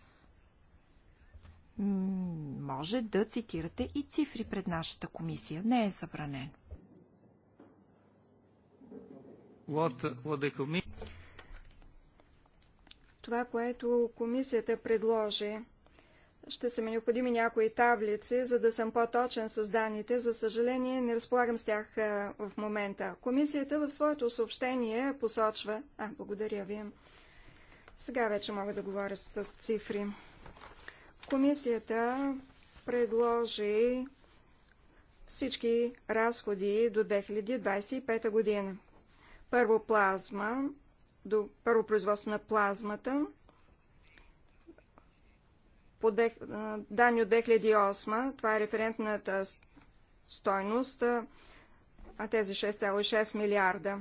Може да цитирате и цифри пред нашата комисия. Не е забранено. Това, което комисията предложи, ще са ми необходими някои таблици, за да съм по-точен с данните. За съжаление, не разполагам с тях в момента. Комисията в своето съобщение посочва... А, благодаря ви. Сега вече мога да говоря с цифри. Комисията предложи всички разходи до 2025 година. Първо плазма, до първо производство на плазмата – по данни от 2008, това е референтната стойност, а тези 6,6 милиарда.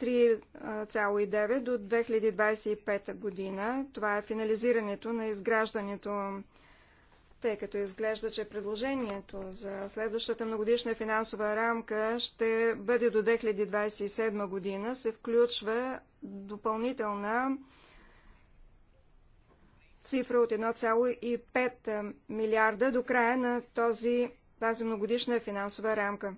3,9 до 2025 година. Това е финализирането на изграждането, тъй като изглежда, че предложението за следващата многодишна финансова рамка ще бъде до 2027 година, се включва допълнителна цифра от 1,5 милиарда до края на този, тази многодишна финансова рамка.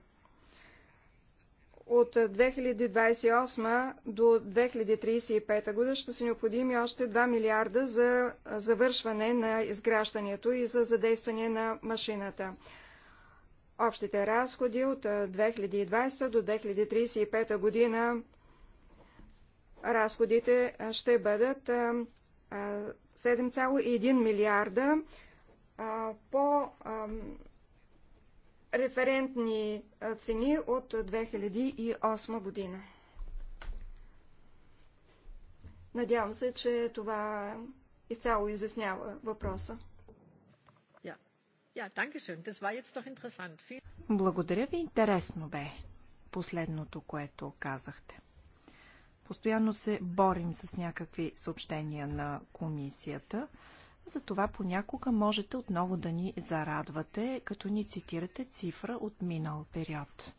От 2028 до 2035 година ще са необходими още 2 милиарда за завършване на изграждането и за задействане на машината. Общите разходи от 2020 до 2035 година разходите ще бъдат 7,1 милиарда по референтни цени от 2008 година. Надявам се, че това изцяло изяснява въпроса. Благодаря ви, интересно бе последното, което казахте. Постоянно се борим с някакви съобщения на комисията. Затова понякога можете отново да ни зарадвате, като ни цитирате цифра от минал период.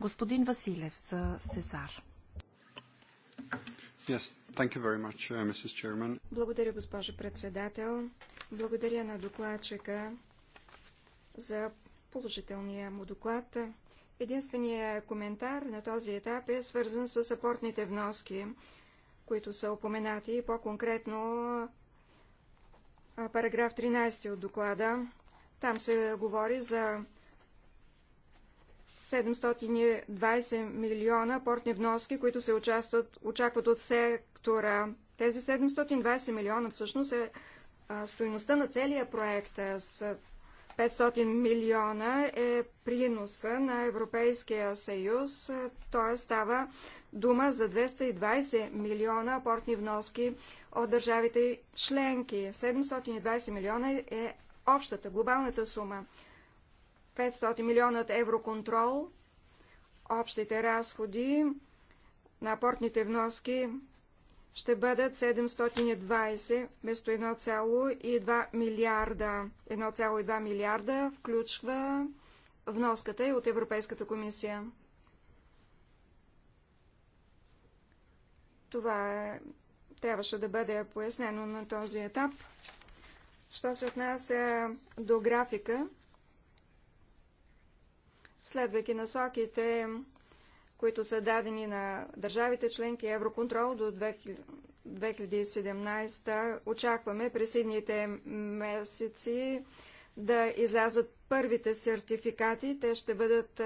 Господин Василев за Сезар. Yes, much, uh, Chairman. Благодаря, госпожо председател. Благодаря на докладчика за положителния му доклад. Единственият коментар на този етап е свързан с апортните вноски, които са упоменати и по-конкретно параграф 13 от доклада. Там се говори за 720 милиона портни вноски, които се участват, очакват от сектора. Тези 720 милиона всъщност е стоеността на целия проект. С 500 милиона е приноса на Европейския съюз, т.е. става дума за 220 милиона апортни вноски от държавите членки. 720 милиона е общата, глобалната сума. 500 милиона от евроконтрол, общите разходи на апортните вноски ще бъдат 720 вместо 1,2 милиарда. 1,2 милиарда включва вноската и от Европейската комисия. Това е, трябваше да бъде пояснено на този етап. Що се отнася до графика, следвайки насоките които са дадени на държавите членки Евроконтрол до 2017. Очакваме през едните месеци да излязат първите сертификати. Те ще бъдат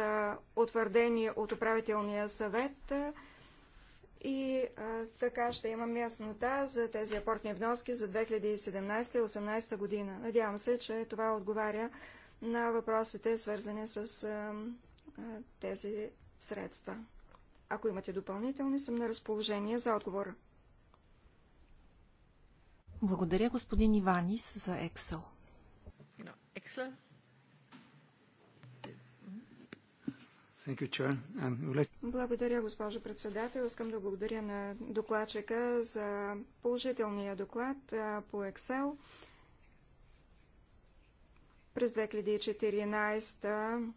утвърдени от управителния съвет и така ще имам яснота за тези апортни вноски за 2017-2018 година. Надявам се, че това отговаря на въпросите, свързани с тези средства. Ако имате допълнителни, съм на разположение за отговор. Благодаря, господин Иванис, за Excel. Excel. Um, благодаря, госпожо председател. Искам да благодаря на докладчика за положителния доклад по Excel. През 2014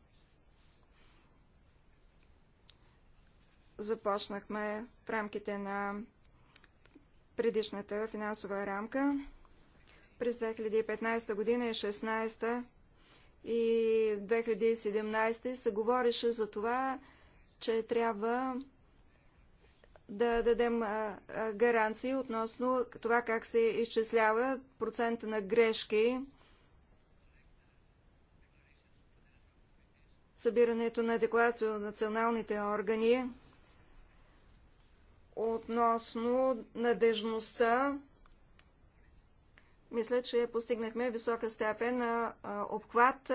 започнахме в рамките на предишната финансова рамка през 2015 година и 2016 и 2017 се говореше за това, че трябва да дадем гаранции относно това как се изчислява процента на грешки, събирането на декларация от националните органи, относно надежността. Мисля, че постигнахме висока степен на обхват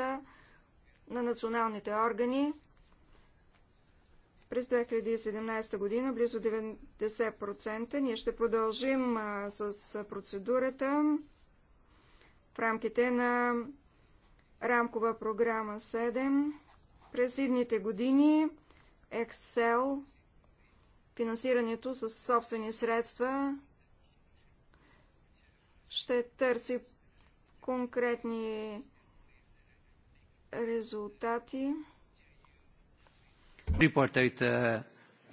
на националните органи. През 2017 година близо 90%. Ние ще продължим с процедурата в рамките на рамкова програма 7. През идните години Excel финансирането с собствени средства ще търси конкретни резултати. Uh,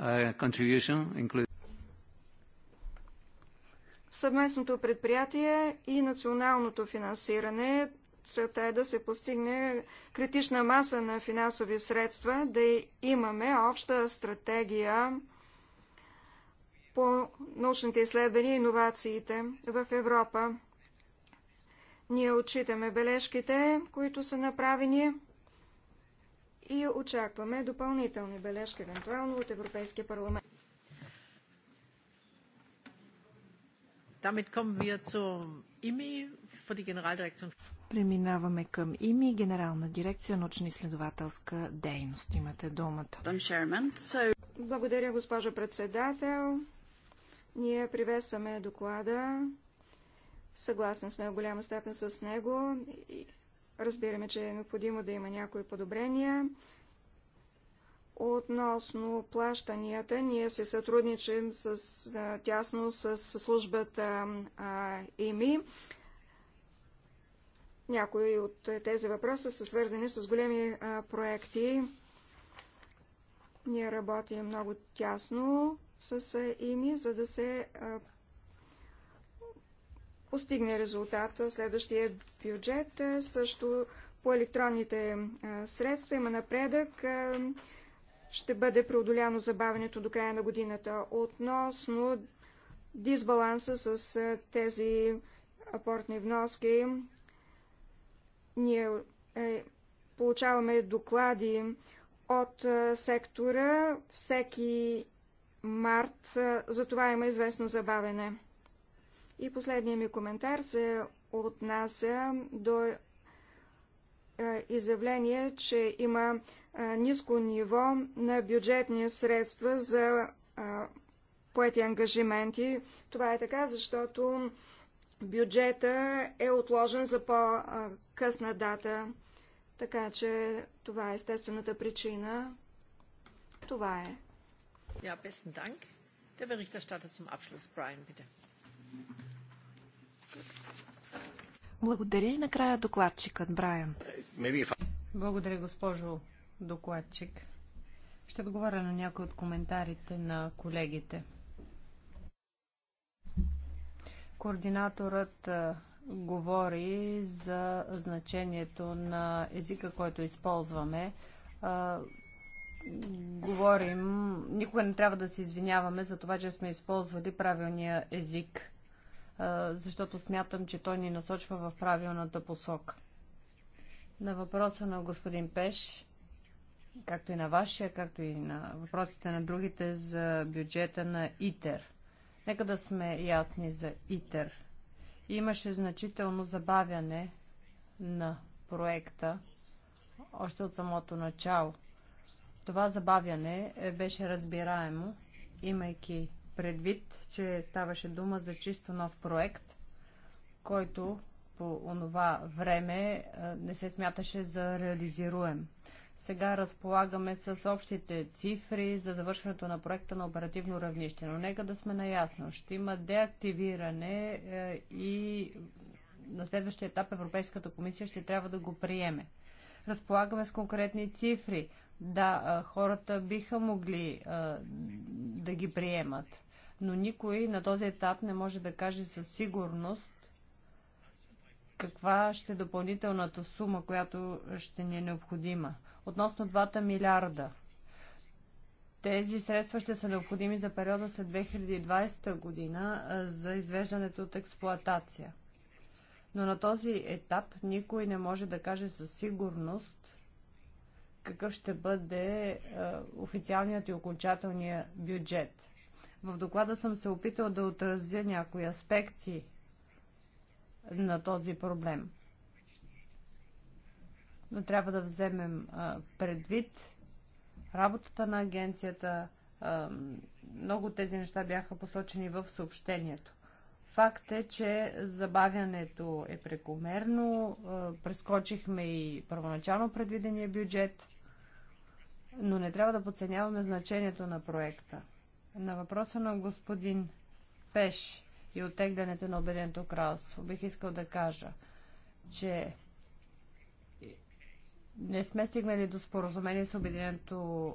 uh, съвместното предприятие и националното финансиране. Целта е да се постигне критична маса на финансови средства, да имаме обща стратегия по научните изследвания и иновациите в Европа. Ние отчитаме бележките, които са направени и очакваме допълнителни бележки, евентуално от Европейския парламент. Damit kommen wir IMI für die Generaldirektion. Преминаваме към ИМИ, Генерална дирекция научно-изследователска дейност. Имате думата. Благодаря, госпожо председател. Ние приветстваме доклада. Съгласен сме в голяма степен с него. Разбираме, че е необходимо да има някои подобрения. Относно плащанията, ние се сътрудничим с, тясно с службата а, ИМИ. Някои от тези въпроси са свързани с големи а, проекти. Ние работим много тясно с ИМИ, за да се постигне резултата. Следващия бюджет също по електронните средства има напредък. Ще бъде преодоляно забавянето до края на годината. Относно дисбаланса с тези апортни вноски, ние е, получаваме доклади от сектора всеки март, за това има известно забавене. И последният ми коментар се отнася до изявление, че има ниско ниво на бюджетни средства за поети ангажименти. Това е така, защото бюджета е отложен за по-късна дата. Така че това е естествената причина. Това е. Ja, besten Dank. Der Berichterstatter zum Abschluss, Brian, bitte. Благодаря и накрая докладчикът Брайан. Благодаря, госпожо докладчик. Ще отговоря на някои от коментарите на колегите. Координаторът говори за значението на езика, който използваме говорим, никога не трябва да се извиняваме за това, че сме използвали правилния език, защото смятам, че той ни насочва в правилната посока. На въпроса на господин Пеш, както и на вашия, както и на въпросите на другите за бюджета на ИТЕР. Нека да сме ясни за ИТЕР. Имаше значително забавяне на проекта още от самото начало – това забавяне е, беше разбираемо, имайки предвид, че ставаше дума за чисто нов проект, който по онова време е, не се смяташе за реализируем. Сега разполагаме с общите цифри за завършването на проекта на оперативно равнище, но нека да сме наясно. Ще има деактивиране е, и на следващия етап Европейската комисия ще трябва да го приеме. Разполагаме с конкретни цифри да, хората биха могли да ги приемат, но никой на този етап не може да каже със сигурност каква ще е допълнителната сума, която ще ни е необходима. Относно 2 милиарда. Тези средства ще са необходими за периода след 2020 година за извеждането от експлоатация. Но на този етап никой не може да каже със сигурност какъв ще бъде официалният и окончателният бюджет. В доклада съм се опитал да отразя някои аспекти на този проблем. Но трябва да вземем предвид работата на агенцията. Много тези неща бяха посочени в съобщението. Факт е, че забавянето е прекомерно. Прескочихме и първоначално предвидения бюджет но не трябва да подценяваме значението на проекта. На въпроса на господин Пеш и оттеглянето на Обединеното кралство бих искал да кажа, че не сме стигнали до споразумение с Обединеното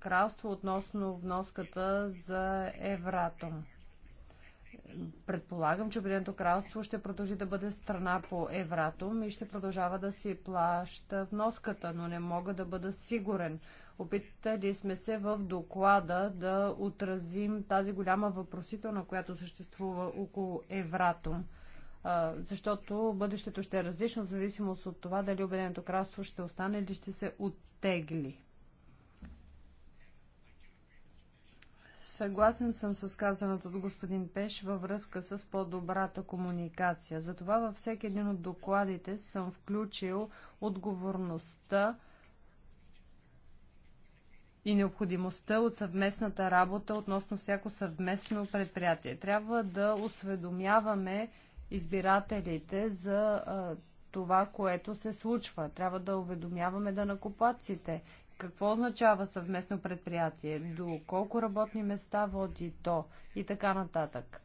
кралство относно вноската за Евратом предполагам, че Обединеното кралство ще продължи да бъде страна по Евратум и ще продължава да си плаща вноската, но не мога да бъда сигурен. Опитали сме се в доклада да отразим тази голяма въпросителна, която съществува около Евратум, Защото бъдещето ще е различно, в зависимост от това дали Обединеното кралство ще остане или ще се оттегли. Съгласен съм с казаното от господин Пеш във връзка с по-добрата комуникация. Затова във всеки един от докладите съм включил отговорността и необходимостта от съвместната работа относно всяко съвместно предприятие. Трябва да осведомяваме избирателите за това, което се случва. Трябва да уведомяваме да накопаците какво означава съвместно предприятие? До колко работни места води то? И така нататък.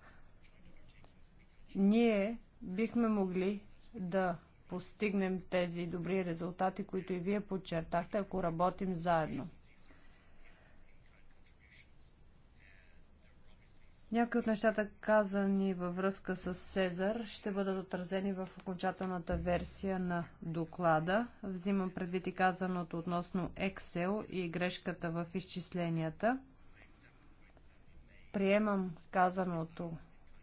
Ние бихме могли да постигнем тези добри резултати, които и вие подчертахте, ако работим заедно. Някои от нещата, казани във връзка с Сезар, ще бъдат отразени в окончателната версия на доклада. Взимам предвид и казаното относно Excel и грешката в изчисленията. Приемам казаното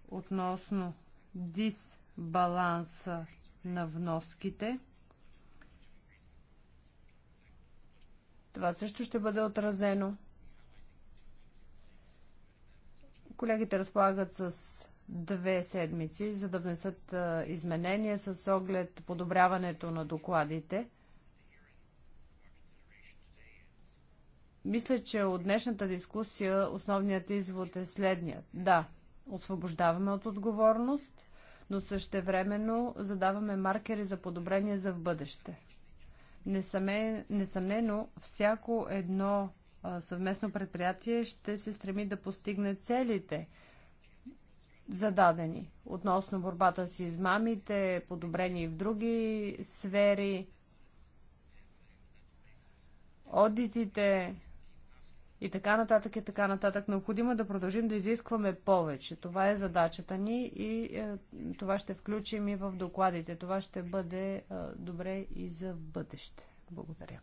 относно дисбаланса на вноските. Това също ще бъде отразено Колегите разполагат с две седмици, за да внесат изменения с оглед подобряването на докладите. Мисля, че от днешната дискусия основният извод е следният. Да, освобождаваме от отговорност, но същевременно задаваме маркери за подобрение за в бъдеще. Несъмнено, всяко едно съвместно предприятие ще се стреми да постигне целите зададени относно борбата с измамите, подобрени в други сфери, одитите и така нататък и така нататък. Необходимо е да продължим да изискваме повече. Това е задачата ни и е, това ще включим и в докладите. Това ще бъде е, добре и за в бъдеще. Благодаря.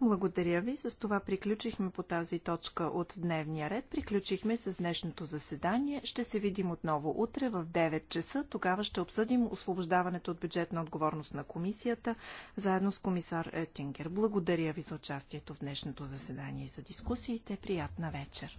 Благодаря ви. С това приключихме по тази точка от дневния ред. Приключихме с днешното заседание. Ще се видим отново утре в 9 часа. Тогава ще обсъдим освобождаването от бюджетна отговорност на комисията, заедно с комисар Етингер. Благодаря ви за участието в днешното заседание и за дискусиите. Приятна вечер!